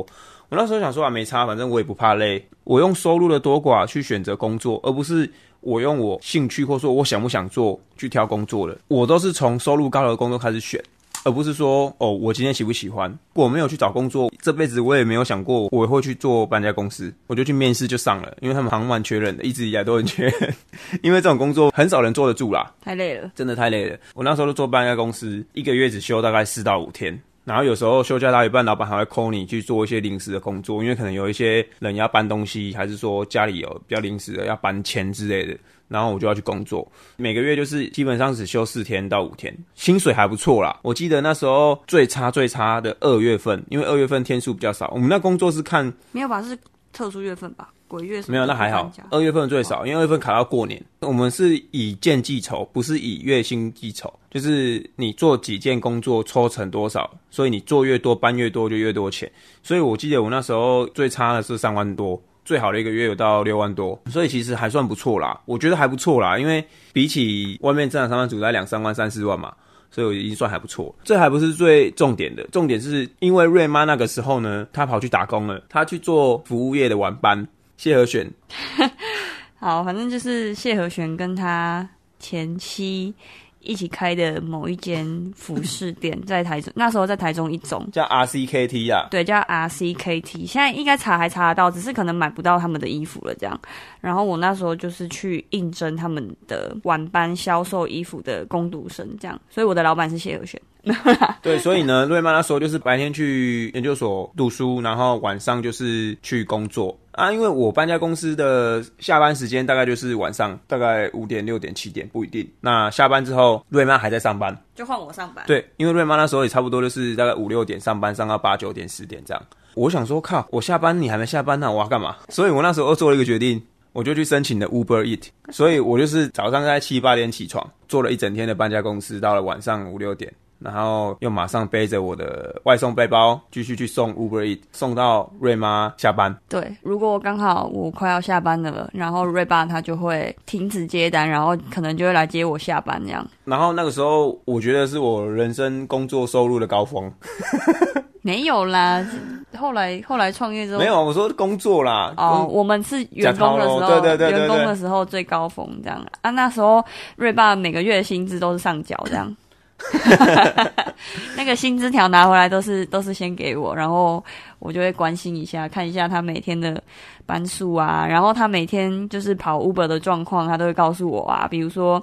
我那時候想說啊，沒差，反正我也不怕累，我用收入的多寡去選擇工作，而不是我用我興趣或說我想不想做去挑工作的。我都是從收入高的工作開始選。而不是說哦，我今天喜不喜歡，我沒有去找工作，這輩子我也沒有想過我會去做搬家公司，我就去面試就上了，因為他們行蠻缺人的，一直以來都很缺人， [laughs] 因為這種工作很少人做得住啦，太累了，真的太累了。我那時候就做搬家公司，一個月只休大概四到五天，然後有時候休假到一半，老闆還會 call 你去做一些臨時的工作，因為可能有一些人要搬東西，還是說家裡有比較臨時的要搬錢之類的。然後我就要去工作，每個月就是基本上只休四天到五天，薪水還不錯啦。我記得那時候最差最差的二月份，因為二月份天數比較少。我們那工作是看沒有吧，是特殊月份吧？鬼月沒有，那還好。二月份最少，哇因為二月份卡到過年。我們是以件計酬，不是以月薪計酬，就是你做幾件工作，抽成多少，所以你做越多，搬越多就越多錢。所以我記得我那時候最差的是三萬多。最好的一個月有到六萬多，所以其實還算不錯啦，我覺得還不錯啦，因為比起外面正常上班族在兩三萬、三四萬嘛，所以我已經算還不錯。這還不是最重點的，重點是因為瑞媽那個時候呢，他跑去打工了，他去做服務業的晚班。謝和弦 [laughs] 好，反正就是謝和弦跟他前妻。一起開的某一間服飾店，在台中 [laughs] 那時候在台中一種叫 RCKT 啊，對，叫 RCKT，現在應該查還查得到，只是可能買不到他們的衣服了這樣。然後我那時候就是去應徵他們的晚班銷售衣服的工讀生這樣，所以我的老闆是謝和弦。 [laughs] 對，所以呢，芮媽那時候就是白天去研究所讀書，然後晚上就是去工作啊。因為我搬家公司的下班時間大概就是晚上大概五點、六點、七點，不一定。那下班之後，芮媽還在上班，就換我上班。對，因為芮媽那時候也差不多就是大概五六點上班，上到八九點、十點這樣。我想說，靠，我下班你還沒下班呢，啊，我要幹嘛？所以我那時候又做了一個決定，我就去申請了 Uber Eats。所以我就是早上在七八點起床，做了一整天的搬家公司，到了晚上五六點。然後又馬上背着我的外送背包，繼續去送 Uber Eat 送到芮媽下班。對，如果剛好我快要下班了，然後芮爸他就會停止接單，然後可能就會來接我下班這樣。然後那個時候，我覺得是我人生工作收入的高峰。 [laughs] 沒有啦，後來後來創業之後 [laughs] 沒有，我說工作啦。哦，嗯、我們是員工的時候，對對對對，員工的時候最高峰這樣啊。那時候芮爸每個月薪資都是上繳這樣。 [coughs] 哈哈哈哈，那個薪資條拿回來都是都是先給我，然後我就會關心一下，看一下他每天的班數啊，然後他每天就是跑 Uber 的狀況，他都會告訴我啊，比如說。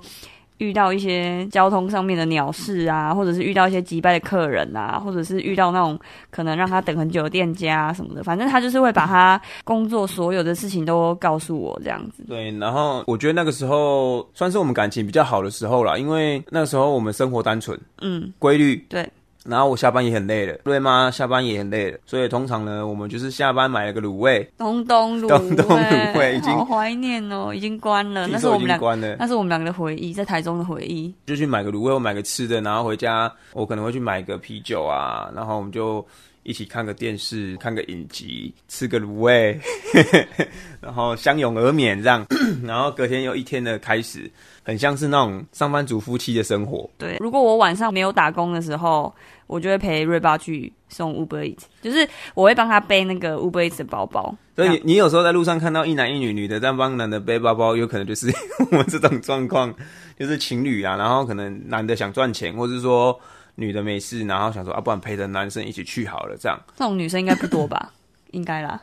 遇到一些交通上面的鳥事啊，或者是遇到一些擊敗的客人啊，或者是遇到那種可能讓他等很久的店家啊什麼的，反正他就是會把他工作所有的事情都告訴我這樣子。對，然後我覺得那個時候算是我們感情比較好的時候啦，因為那個時候我們生活單純，嗯，規律，對。然後我下班也很累了，芮媽下班也很累了，所以通常呢，我們就是下班買了個滷味，東東滷，東東滷味，東東滷味已經好懷念哦，已經關了，已經關了。那是我們關了，那是我們兩個的回憶，在台中的回憶，就去買個滷味，我買個吃的，然後回家，我可能會去買個啤酒啊，然後我們就。一起看個電視，看個影集，吃個滷味呵呵，然後相擁而眠，這樣，然後隔天又一天的開始，很像是那種上班族夫妻的生活。對，如果我晚上沒有打工的時候，我就會陪芮爸去送 Uber Eats，就是我會幫他背那個 Uber Eats 的包包。所以你有時候在路上看到一男一女，女的在幫男的背包包，有可能就是我們這種狀況，就是情侶啊，然後可能男的想賺錢，或是說。女的沒事，然後想說啊，不然陪着男生一起去好了，這樣。這種女生應該不多吧？ [laughs] 應該該啦。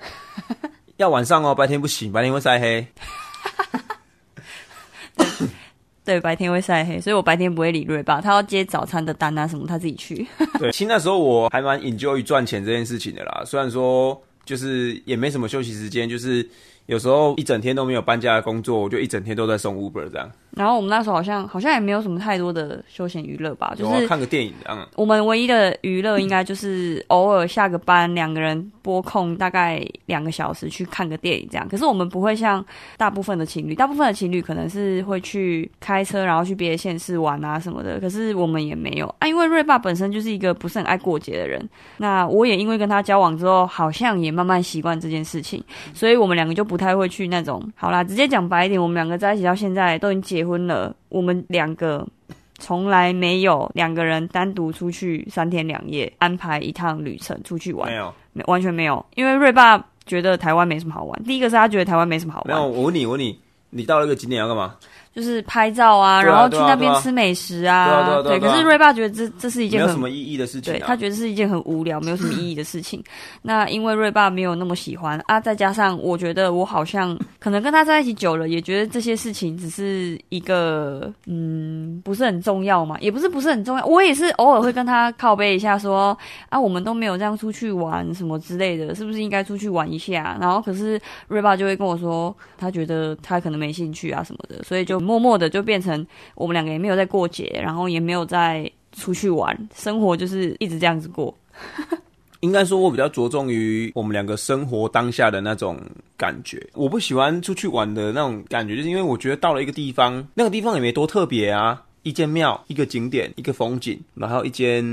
[laughs] 要晚上哦，白天不行，白天會曬黑。對，白天會曬黑，所以我白天不會理芮爸。他要接早餐的單啊，什麼他自己去。 [laughs] 對，其實那時候我還蠻 enjoy 賺錢這件事情的啦，雖然說就是也沒什麼休息時間，就是。有時候一整天都沒有搬家的工作，我就一整天都在送 Uber 這樣。然後我們那時候好像好像也沒有什麼太多的休閒娛樂吧，就是看個電影這樣。我們唯一的娛樂應該就是偶爾下個班，兩個人撥空大概兩個小時去看個電影這樣。可是我們不會像大部分的情侶，大部分的情侶可能是會去開車然後去別的縣市玩啊什麼的。可是我們也沒有啊，因為芮爸本身就是一個不是很愛過節的人。那我也因為跟他交往之後，好像也慢慢習慣這件事情，所以我們兩個就不。不太會去那種。好啦，直接講白一點，我們兩個在一起到現在都已經結婚了。我們兩個從來沒有兩個人單獨出去三天兩夜，安排一趟旅程出去玩，沒有，完全沒有。因為芮爸覺得台灣沒什麼好玩。第一個是他覺得台灣沒什麼好玩。我問你，我問你，你到那個景點要幹嘛？就是拍照啊，啊然後去那邊吃美食啊，對。可是芮爸覺得這這是一件很沒有什麼意義的事情，啊，對他覺得是一件很無聊、沒有什麼意義的事情。 [laughs] 那因為芮爸沒有那麼喜歡啊，再加上我覺得我好像可能跟他在一起久了，也覺得這些事情只是一個嗯，不是很重要嘛，也不是不是很重要。我也是偶爾會跟他靠背一下說，說啊，我們都沒有這樣出去玩什麼之類的，是不是應該出去玩一下？然後可是芮爸就會跟我說，他覺得他可能沒興趣啊什麼的，所以就。默默的就變成我們兩個也沒有在過節，然後也沒有再出去玩，生活就是一直這樣子過。 [laughs] 應該說我比較着重於我們兩個生活當下的那種感覺，我不喜歡出去玩的那種感覺，就是因為我覺得到了一個地方，那個地方也沒多特別啊，一間廟、一個景點、一個風景，然後一間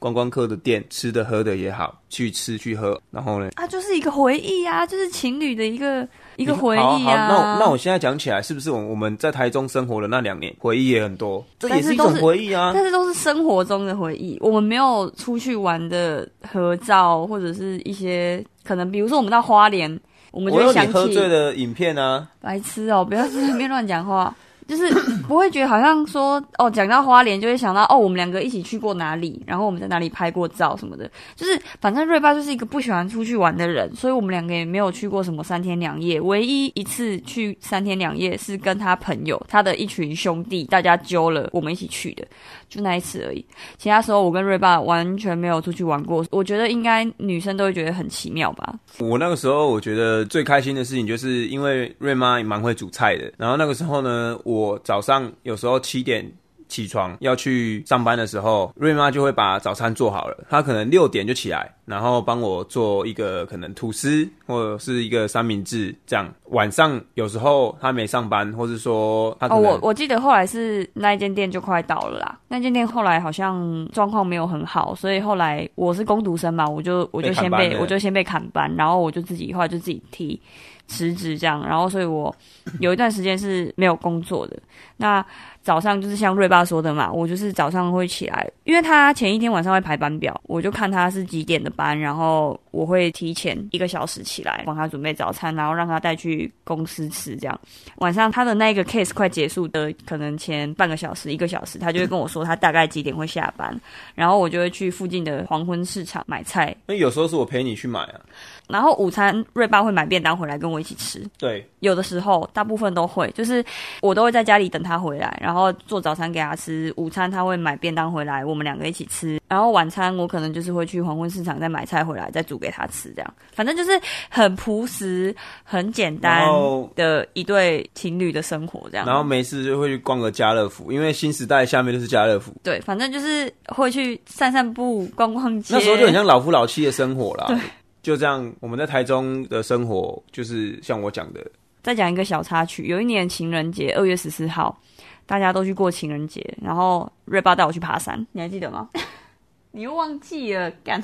觀光客的店，吃的喝的也好，去吃去喝，然後呢，啊，就是一個回憶啊，就是情侶的一個。一個回憶啊！那我那我現在講起來，是不是我我們在台中生活的那兩年回憶也很多？這也是一種回憶啊，但是都是！但是都是生活中的回憶，我們沒有出去玩的合照，或者是一些可能，比如說我們到花蓮，我們就會想起我你喝醉的影片啊。白痴哦、喔！不要在那邊亂講話。 [laughs] 就是不會覺得好像說哦，講到花蓮就會想到哦，我們兩個一起去過哪裡，然後我們在哪裡拍過照什麼的。就是反正芮爸就是一個不喜歡出去玩的人，所以我們兩個也沒有去過什麼三天兩夜。唯一一次去三天兩夜是跟他朋友、他的一群兄弟大家揪了我們一起去的，就那一次而已。其他時候我跟芮爸完全沒有出去玩過。我覺得應該女生都會覺得很奇妙吧。我那個時候我覺得最開心的事情就是因為芮媽也蠻會煮菜的，然後那個時候呢，我。我早上有時候七點。起床要去上班的時候，芮媽就會把早餐做好了。她可能六點就起來，然後幫我做一個可能吐司或者是一個三明治這樣。晚上有時候她沒上班，或是說她哦，我我記得後來是那一間店就快倒了啦。那間店後來好像狀況沒有很好，所以後來我是工讀生嘛，我就我就先被，被我就先被砍班，然後我就自己後來就自己提辭職這樣。然後所以我有一段時間是沒有工作的。那。早上就是像芮爸說的嘛，我就是早上會起來，因為他前一天晚上會排班表，我就看他是幾點的班，然後。我會提前一個小時起來幫他準備早餐，然後讓他帶去公司吃。這樣晚上他的那個 case 快結束的，可能前半個小時一個小時，他就會跟我說他大概幾點會下班， [laughs] 然後我就會去附近的黃昏市場買菜。那、欸、有時候是我陪你去買啊。然後午餐芮爸會買便當回來跟我一起吃。對，有的時候大部分都會，就是我都會在家裡等他回來，然後做早餐給他吃。午餐他會買便當回來，我們兩個一起吃。然後晚餐我可能就是會去黃昏市場再買菜回來再煮。給他吃，這樣反正就是很樸實、很簡單的一對情侶的生活，這樣然、然後沒事就會去逛個家樂福，因為新時代下面就是家樂福。對，反正就是會去散散步、逛逛街。那時候就很像老夫老妻的生活啦。對就這樣，我們在台中的生活就是像我講的。再講一個小插曲，有一年情人節，二月十四號，大家都去過情人節，然後芮爸帶我去爬山，你還記得嗎？ [laughs] 你又忘記了，幹？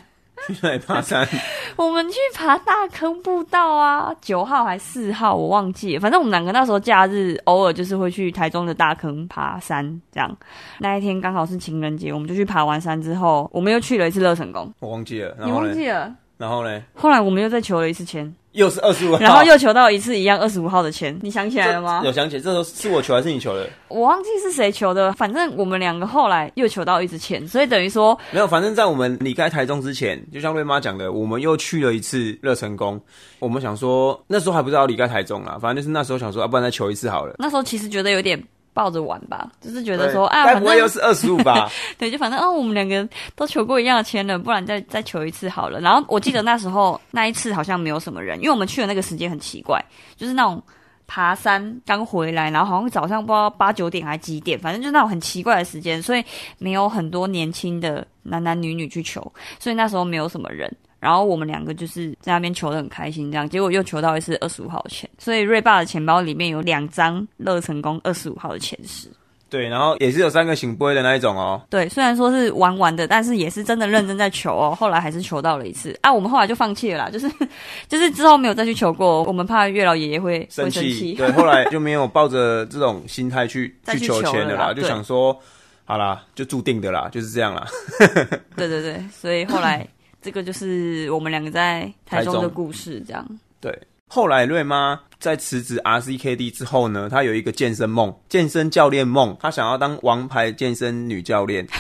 去哪裡爬山？ [laughs] 我們去爬大坑步道啊，九號還是四號，我忘記了。反正我們兩個那時候假日偶爾就是會去台中的大坑爬山這樣。那一天剛好是情人節，我們就去爬完山之後，我們又去了一次樂成宮。我忘記了，你忘記了？然後呢？後來我們又再求了一次籤，又是二十五號。然後又求到一次一樣二十五號的籤，你想起來了嗎？有想起來，這時候是我求還是你求的？ [laughs] 我忘記是誰求的，反正我們兩個後來又求到一次籤，所以等於說沒有。反正，在我們離開台中之前，就像芮媽講的，我們又去了一次樂成宮。我們想說那時候還不知道離開台中啦，反正就是那時候想說，要、啊、不然再求一次好了。那時候其實覺得有點。抱着玩吧，就是覺得說對啊，反正該不會又是二十五吧， [laughs] 對，就反正啊、哦，我們兩個人都求過一樣的籤了，不然再再求一次好了。然後我記得那時候 [coughs] 那一次好像沒有什麼人，因為我們去的那個時間很奇怪，就是那種爬山剛回來，然後好像早上不知道八九點還是幾點，反正就那種很奇怪的時間，所以沒有很多年輕的男男女女去求，所以那時候沒有什麼人。然後我們兩個就是在那邊求的很開心，這樣結果又求到一次二十五號的錢，所以瑞爸的錢包裡面有兩張樂成功二十五號的錢是。對，然後也是有三個醒杯的那一種哦。對，雖然說是玩玩的，但是也是真的認真在求哦。後來還是求到了一次，啊，我們後來就放棄了，啦，就是就是之後沒有再去求過，我們怕月老爺爺會生氣。生氣對，後來就沒有抱着這種心態去 [laughs] 去求錢的啦，對就想說，好啦，就注定的啦，就是這樣啦。 [laughs] 對對對，所以後來。 [laughs] 這個就是我們兩個在台中的故事，這樣。對，後來芮媽在辭職 RCKD 之後呢，她有一個健身夢，健身教練夢，她想要當王牌健身女教練。 [laughs]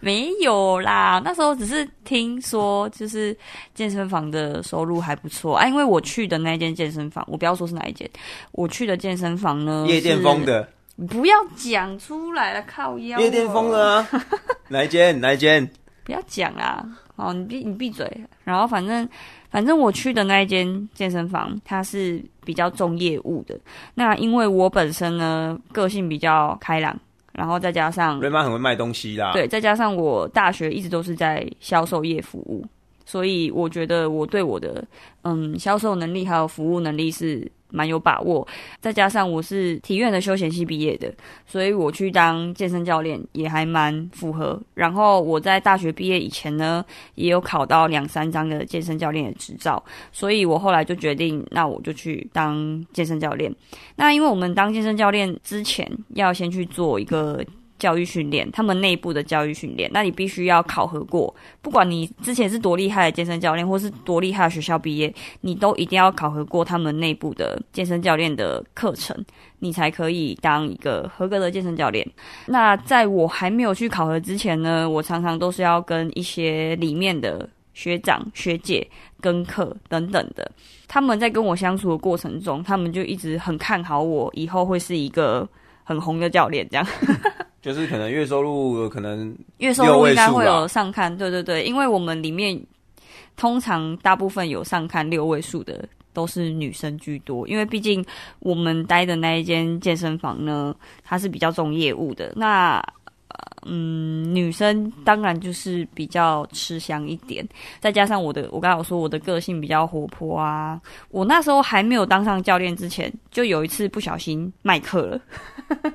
沒有啦，那時候只是聽說，就是健身房的收入還不錯啊。因為我去的那間健身房，我不要說是哪一間，我去的健身房呢，夜店風的，不要講出來了，靠腰喔。夜店風的啊， [laughs] 哪一間？哪一間？不要講啊。哦，你閉你閉嘴。然後反正，反正我去的那一間健身房，它是比較重業務的。那因為我本身呢個性比較開朗，然後再加上芮媽很會賣東西啦，對，再加上我大學一直都是在銷售業服務，所以我覺得我對我的嗯銷售能力還有服務能力是。蠻有把握，再加上我是體院的休閒系畢業的，所以我去當健身教練也還蠻符合。然後我在大學畢業以前呢，也有考到兩三張的健身教練的執照，所以我後來就決定，那我就去當健身教練。那因為我們當健身教練之前，要先去做一個。教育訓練，他們內部的教育訓練，那你必須要考核過。不管你之前是多厲害的健身教練，或是多厲害的學校畢業，你都一定要考核過他們內部的健身教練的課程，你才可以當一個合格的健身教練。那在我還沒有去考核之前呢，我常常都是要跟一些裡面的學長、學姐跟課等等的。他們在跟我相處的過程中，他們就一直很看好我，以後會是一個很紅的教練這樣。 [laughs] 就是可能月收入可能月收入應該會有上看。對對對，因為我們裡面通常大部分有上看六位數的都是女生居多，因為畢竟我們待的那一間健身房呢，它是比較重業務的。那、呃、嗯，女生當然就是比較吃香一點，再加上我的，我剛才我說我的個性比較活潑啊，我那時候還沒有當上教練之前，就有一次不小心賣課了。呵呵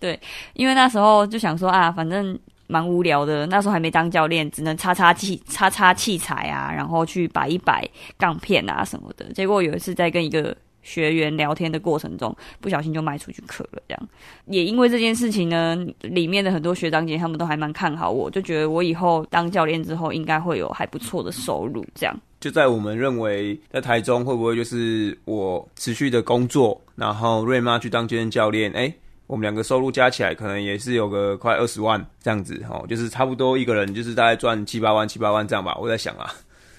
對，因為那時候就想說啊，反正蠻無聊的。那時候還沒當教練，只能擦擦器、擦擦器材啊，然後去擺一擺槓片啊什麼的。結果有一次在跟一個學員聊天的過程中，不小心就賣出去課了。這樣也因為這件事情呢，裡面的很多學長姐他們都還蠻看好我，就覺得我以後當教練之後應該會有還不錯的收入。這樣就在我們認為在台中會不會就是我持續的工作，然後芮媽去當健身教練？哎。我們兩個收入加起來，可能也是有個快二十萬這樣子吼，就是差不多一個人就是大概賺七八萬，七八萬這樣吧。我在想啊，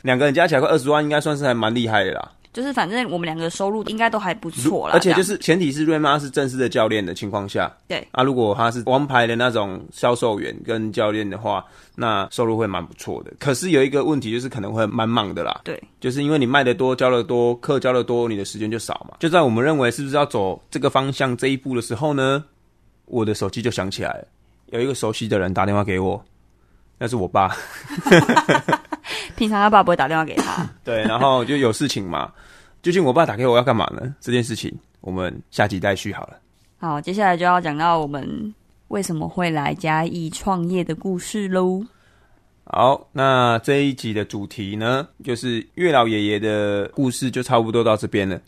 兩個人加起來快二十萬，應該算是還蠻厲害的啦。就是反正我們兩個收入應該都還不錯啦，而且就是前提是芮媽是正式的教練的情況下，對啊，如果他是王牌的那種銷售員跟教練的話，那收入會蠻不錯的。可是有一個問題就是可能會蠻忙的啦，對，就是因為你賣的多，教的多，課教的多，你的時間就少嘛。就在我們認為是不是要走這個方向這一步的時候呢，我的手機就響起來了，有一個熟悉的人打電話給我，那是我爸。 [laughs] [laughs] 平常他爸不會打電話給他 [coughs] ，對，然後就有事情嘛。 [laughs] 究竟我爸打給我要幹嘛呢？這件事情我們下集再續好了。好，接下來就要講到我們為什麼會來嘉義創業的故事嘍。好，那這一集的主題呢，就是月老爺爺的故事就差不多到這邊了。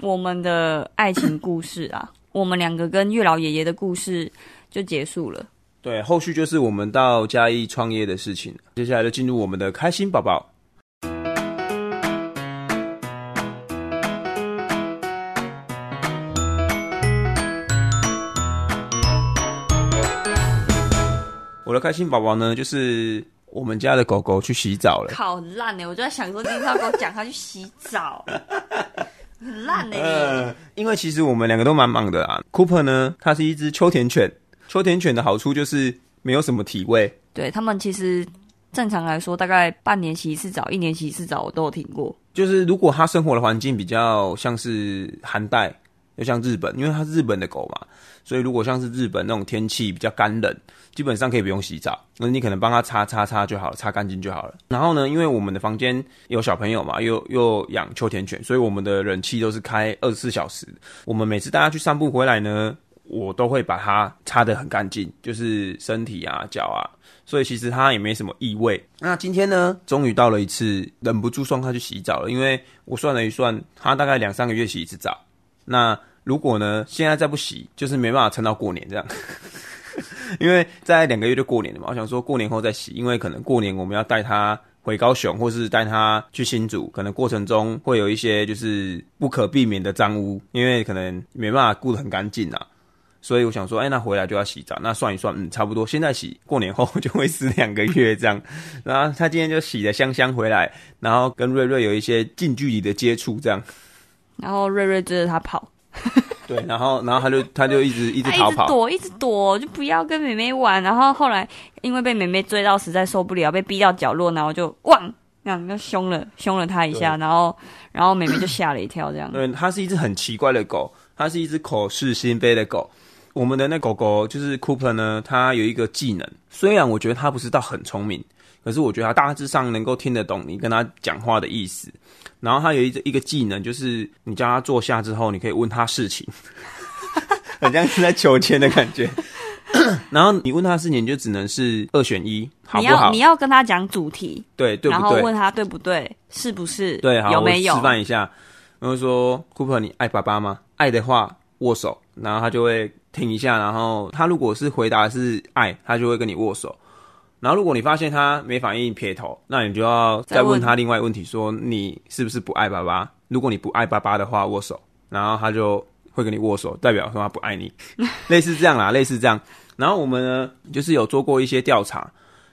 我們的愛情故事啊， [coughs] 我們兩個跟月老爺爺的故事就結束了。對，後續就是我們到嘉義創業的事情。接下來就進入我們的開心寶寶。 [music] 我的開心寶寶呢，就是我們家的狗狗去洗澡了，好爛呢、欸，我就在想說，今天要跟我講他去洗澡， [laughs] 很爛呢、欸嗯呃。因為其實我們兩個都蠻忙的啊。Cooper 呢，它是一隻秋田犬。秋田犬的好處就是沒有什麼體味對。對他們其實正常來說，大概半年洗一次澡，一年洗一次澡，我都有聽過。就是如果他生活的環境比較像是寒帶，就像日本，因為它是日本的狗嘛，所以如果像是日本那種天氣比較乾冷，基本上可以不用洗澡。那你可能幫他擦擦擦就好了，擦乾淨就好了。然後呢，因為我們的房間有小朋友嘛，又又養秋田犬，所以我們的冷氣都是開二十四小時。我們每次帶他去散步回來呢。我都會把它擦得很乾淨，就是身體啊、腳啊，所以其實它也沒什麼異味。那今天呢，終於到了一次，忍不住送它去洗澡了。因為我算了一算，它大概兩三個月洗一次澡。那如果呢，現在再不洗，就是沒辦法撐到過年這樣。 [laughs] 因為再兩個月就過年了嘛，我想說過年後再洗，因為可能過年我們要帶它回高雄，或是帶它去新竹，可能過程中會有一些就是不可避免的髒污，因為可能沒辦法顧得很乾淨啊。所以我想說，哎、欸，那回來就要洗澡。那算一算，嗯，差不多。現在洗，過年後就會死兩個月這樣。然後他今天就洗了香香回來，然後跟芮芮有一些近距離的接觸這樣。然後芮芮追着他跑。 [laughs] 對，然後然後他就他就一直一直逃跑，一直躲一直躲，就不要跟妹妹玩。然後後來因為被妹妹追到實在受不了，被逼到角落，然後就汪，兩個凶了凶了他一下。對然後然後妹妹就嚇了一跳，這樣。對，它是一隻很奇怪的狗，它是一隻口是心非的狗。我們的那狗狗就是 Cooper 呢，他有一個技能，雖然我覺得他不是到很聰明，可是我覺得他大致上能夠聽得懂你跟他講話的意思。然後他有一一個技能，就是你叫他坐下之後，你可以問他事情， [laughs] 很像是在求籤的感覺。 [laughs] 然後你問他事情，你就只能是二選一，你要好不好？你要跟他講主題，對對不對？然後問他對不對，是不是？對，好，有沒有示範一下？然後說，Cooper，你愛爸爸嗎？愛的話握手，然後他就會。聽一下，然後他如果是回答的是愛，他就會跟你握手。然後如果你發現他沒反應、撇頭，那你就要再問他另外問題說，說問你是不是不愛爸爸？如果你不愛爸爸的話，握手，然後他就會跟你握手，代表說他不愛你。 [laughs] 類似這樣啦，類似這樣。然後我們呢，就是有做過一些調查，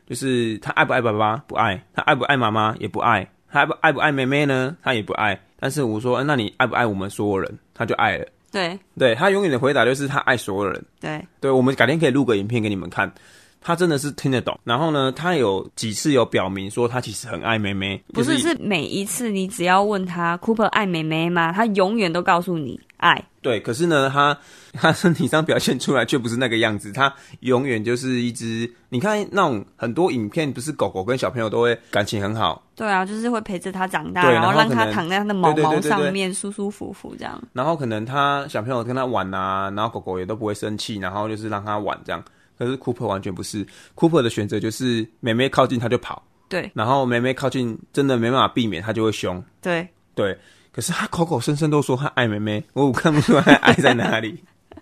就是他愛不愛爸爸？不愛。他愛不愛媽媽？也不愛。他愛不愛不愛妹妹呢？他也不愛。但是我說，那你愛不愛我們所有人？他就愛了。對，對，對，他永遠的回答，就是他愛所有人。對，對，對，我們改天可以錄個影片給你們看，他真的是聽得懂。然後呢，他有幾次有表明說他其實很愛妹妹，不是、就是、是每一次你只要問他 Cooper 愛妹妹嗎？他永遠都告訴你愛。對，可是呢，它它，身體上表現出來卻不是那個樣子。它永遠就是一隻，你看那種很多影片，不是狗狗跟小朋友都會感情很好。對啊，就是會陪着它長大，然後，然後讓它躺在它的毛毛上面，舒舒服服這樣。然後可能它小朋友跟它玩啊，然後狗狗也都不會生氣，然後就是讓它玩這樣。可是 Cooper 完全不是，Cooper 的選擇就是妹妹靠近它就跑。對，然後妹妹靠近真的沒辦法避免，它就會凶。對對。對可是他口口聲聲都說他愛妹妹，我看不出來愛在哪裡。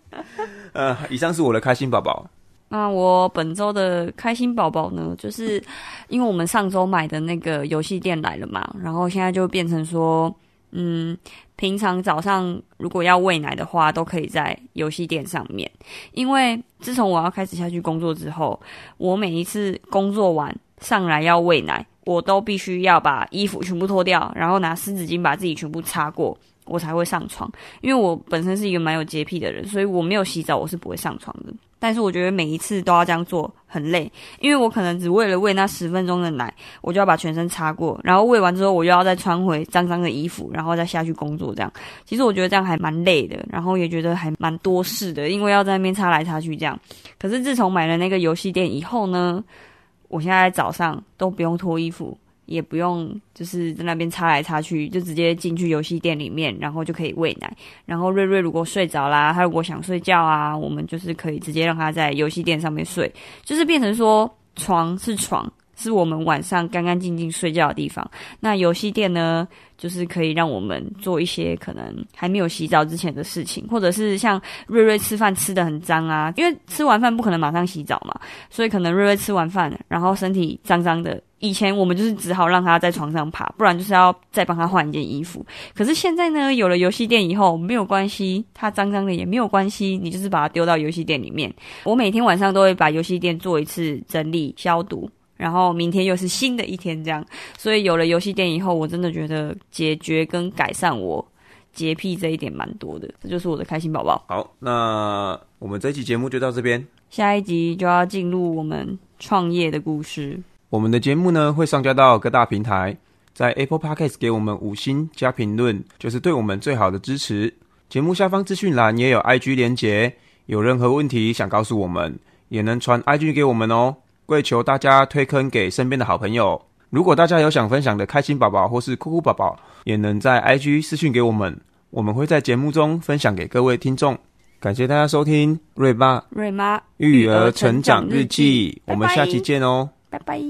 [laughs] 呃，以上是我的開心寶寶。那我本周的開心寶寶呢？就是因為我們上周買的那個遊戲店來了嘛，然後現在就變成說，嗯，平常早上如果要餵奶的話，都可以在遊戲店上面。因為自從我要開始下去工作之後，我每一次工作完上來要餵奶。我都必須要把衣服全部脫掉，然後拿濕紙巾把自己全部擦過，我才會上床。因為我本身是一個蠻有潔癖的人，所以我沒有洗澡我是不會上床的。但是我覺得每一次都要這樣做很累，因為我可能只為了餵那十分鐘的奶，我就要把全身擦過，然後餵完之後我又要再穿回髒髒的衣服，然後再下去工作這樣。其實我覺得這樣還蠻累的，然後也覺得還蠻多事的，因為要在那邊擦來擦去這樣。可是自從買了那個遊戲墊以後呢，我現在早上都不用脫衣服，也不用就是在那邊擦來擦去，就直接進去遊戲墊裡面，然後就可以餵奶。然後瑞瑞如果睡着啦，他如果想睡覺啊，我們就是可以直接讓他在遊戲墊上面睡，就是變成說床是床。是我們晚上乾乾淨淨睡覺的地方。那遊戲店呢，就是可以讓我們做一些可能還沒有洗澡之前的事情，或者是像瑞瑞吃飯吃得很髒啊，因為吃完飯不可能馬上洗澡嘛，所以可能瑞瑞吃完飯，然後身體髒髒的。以前我們就是只好讓他在床上爬，不然就是要再幫他換一件衣服。可是現在呢，有了遊戲店以後，沒有關係，他髒髒的也沒有關係，你就是把它丟到遊戲店裡面。我每天晚上都會把遊戲店做一次整理消毒。然後明天又是新的一天，這樣，所以有了遊戲店以後，我真的覺得解決跟改善我潔癖這一點蠻多的。這就是我的開心寶寶。好，那我們這一期節目就到這邊，下一集就要進入我們創業的故事。我們的節目呢，會上架到各大平台，在 Apple Podcast 給我們五星加評論，就是對我們最好的支持。節目下方資訊欄也有 IG 連結，有任何問題想告訴我們，也能傳 IG 給我們哦。跪求大家推坑給身邊的好朋友。如果大家有想分享的開心寶寶或是哭哭寶寶，也能在 IG 私訊給我們，我們會在節目中分享給各位聽眾。感謝大家收聽芮爸芮媽育兒成長日記，我們下期見哦，拜拜。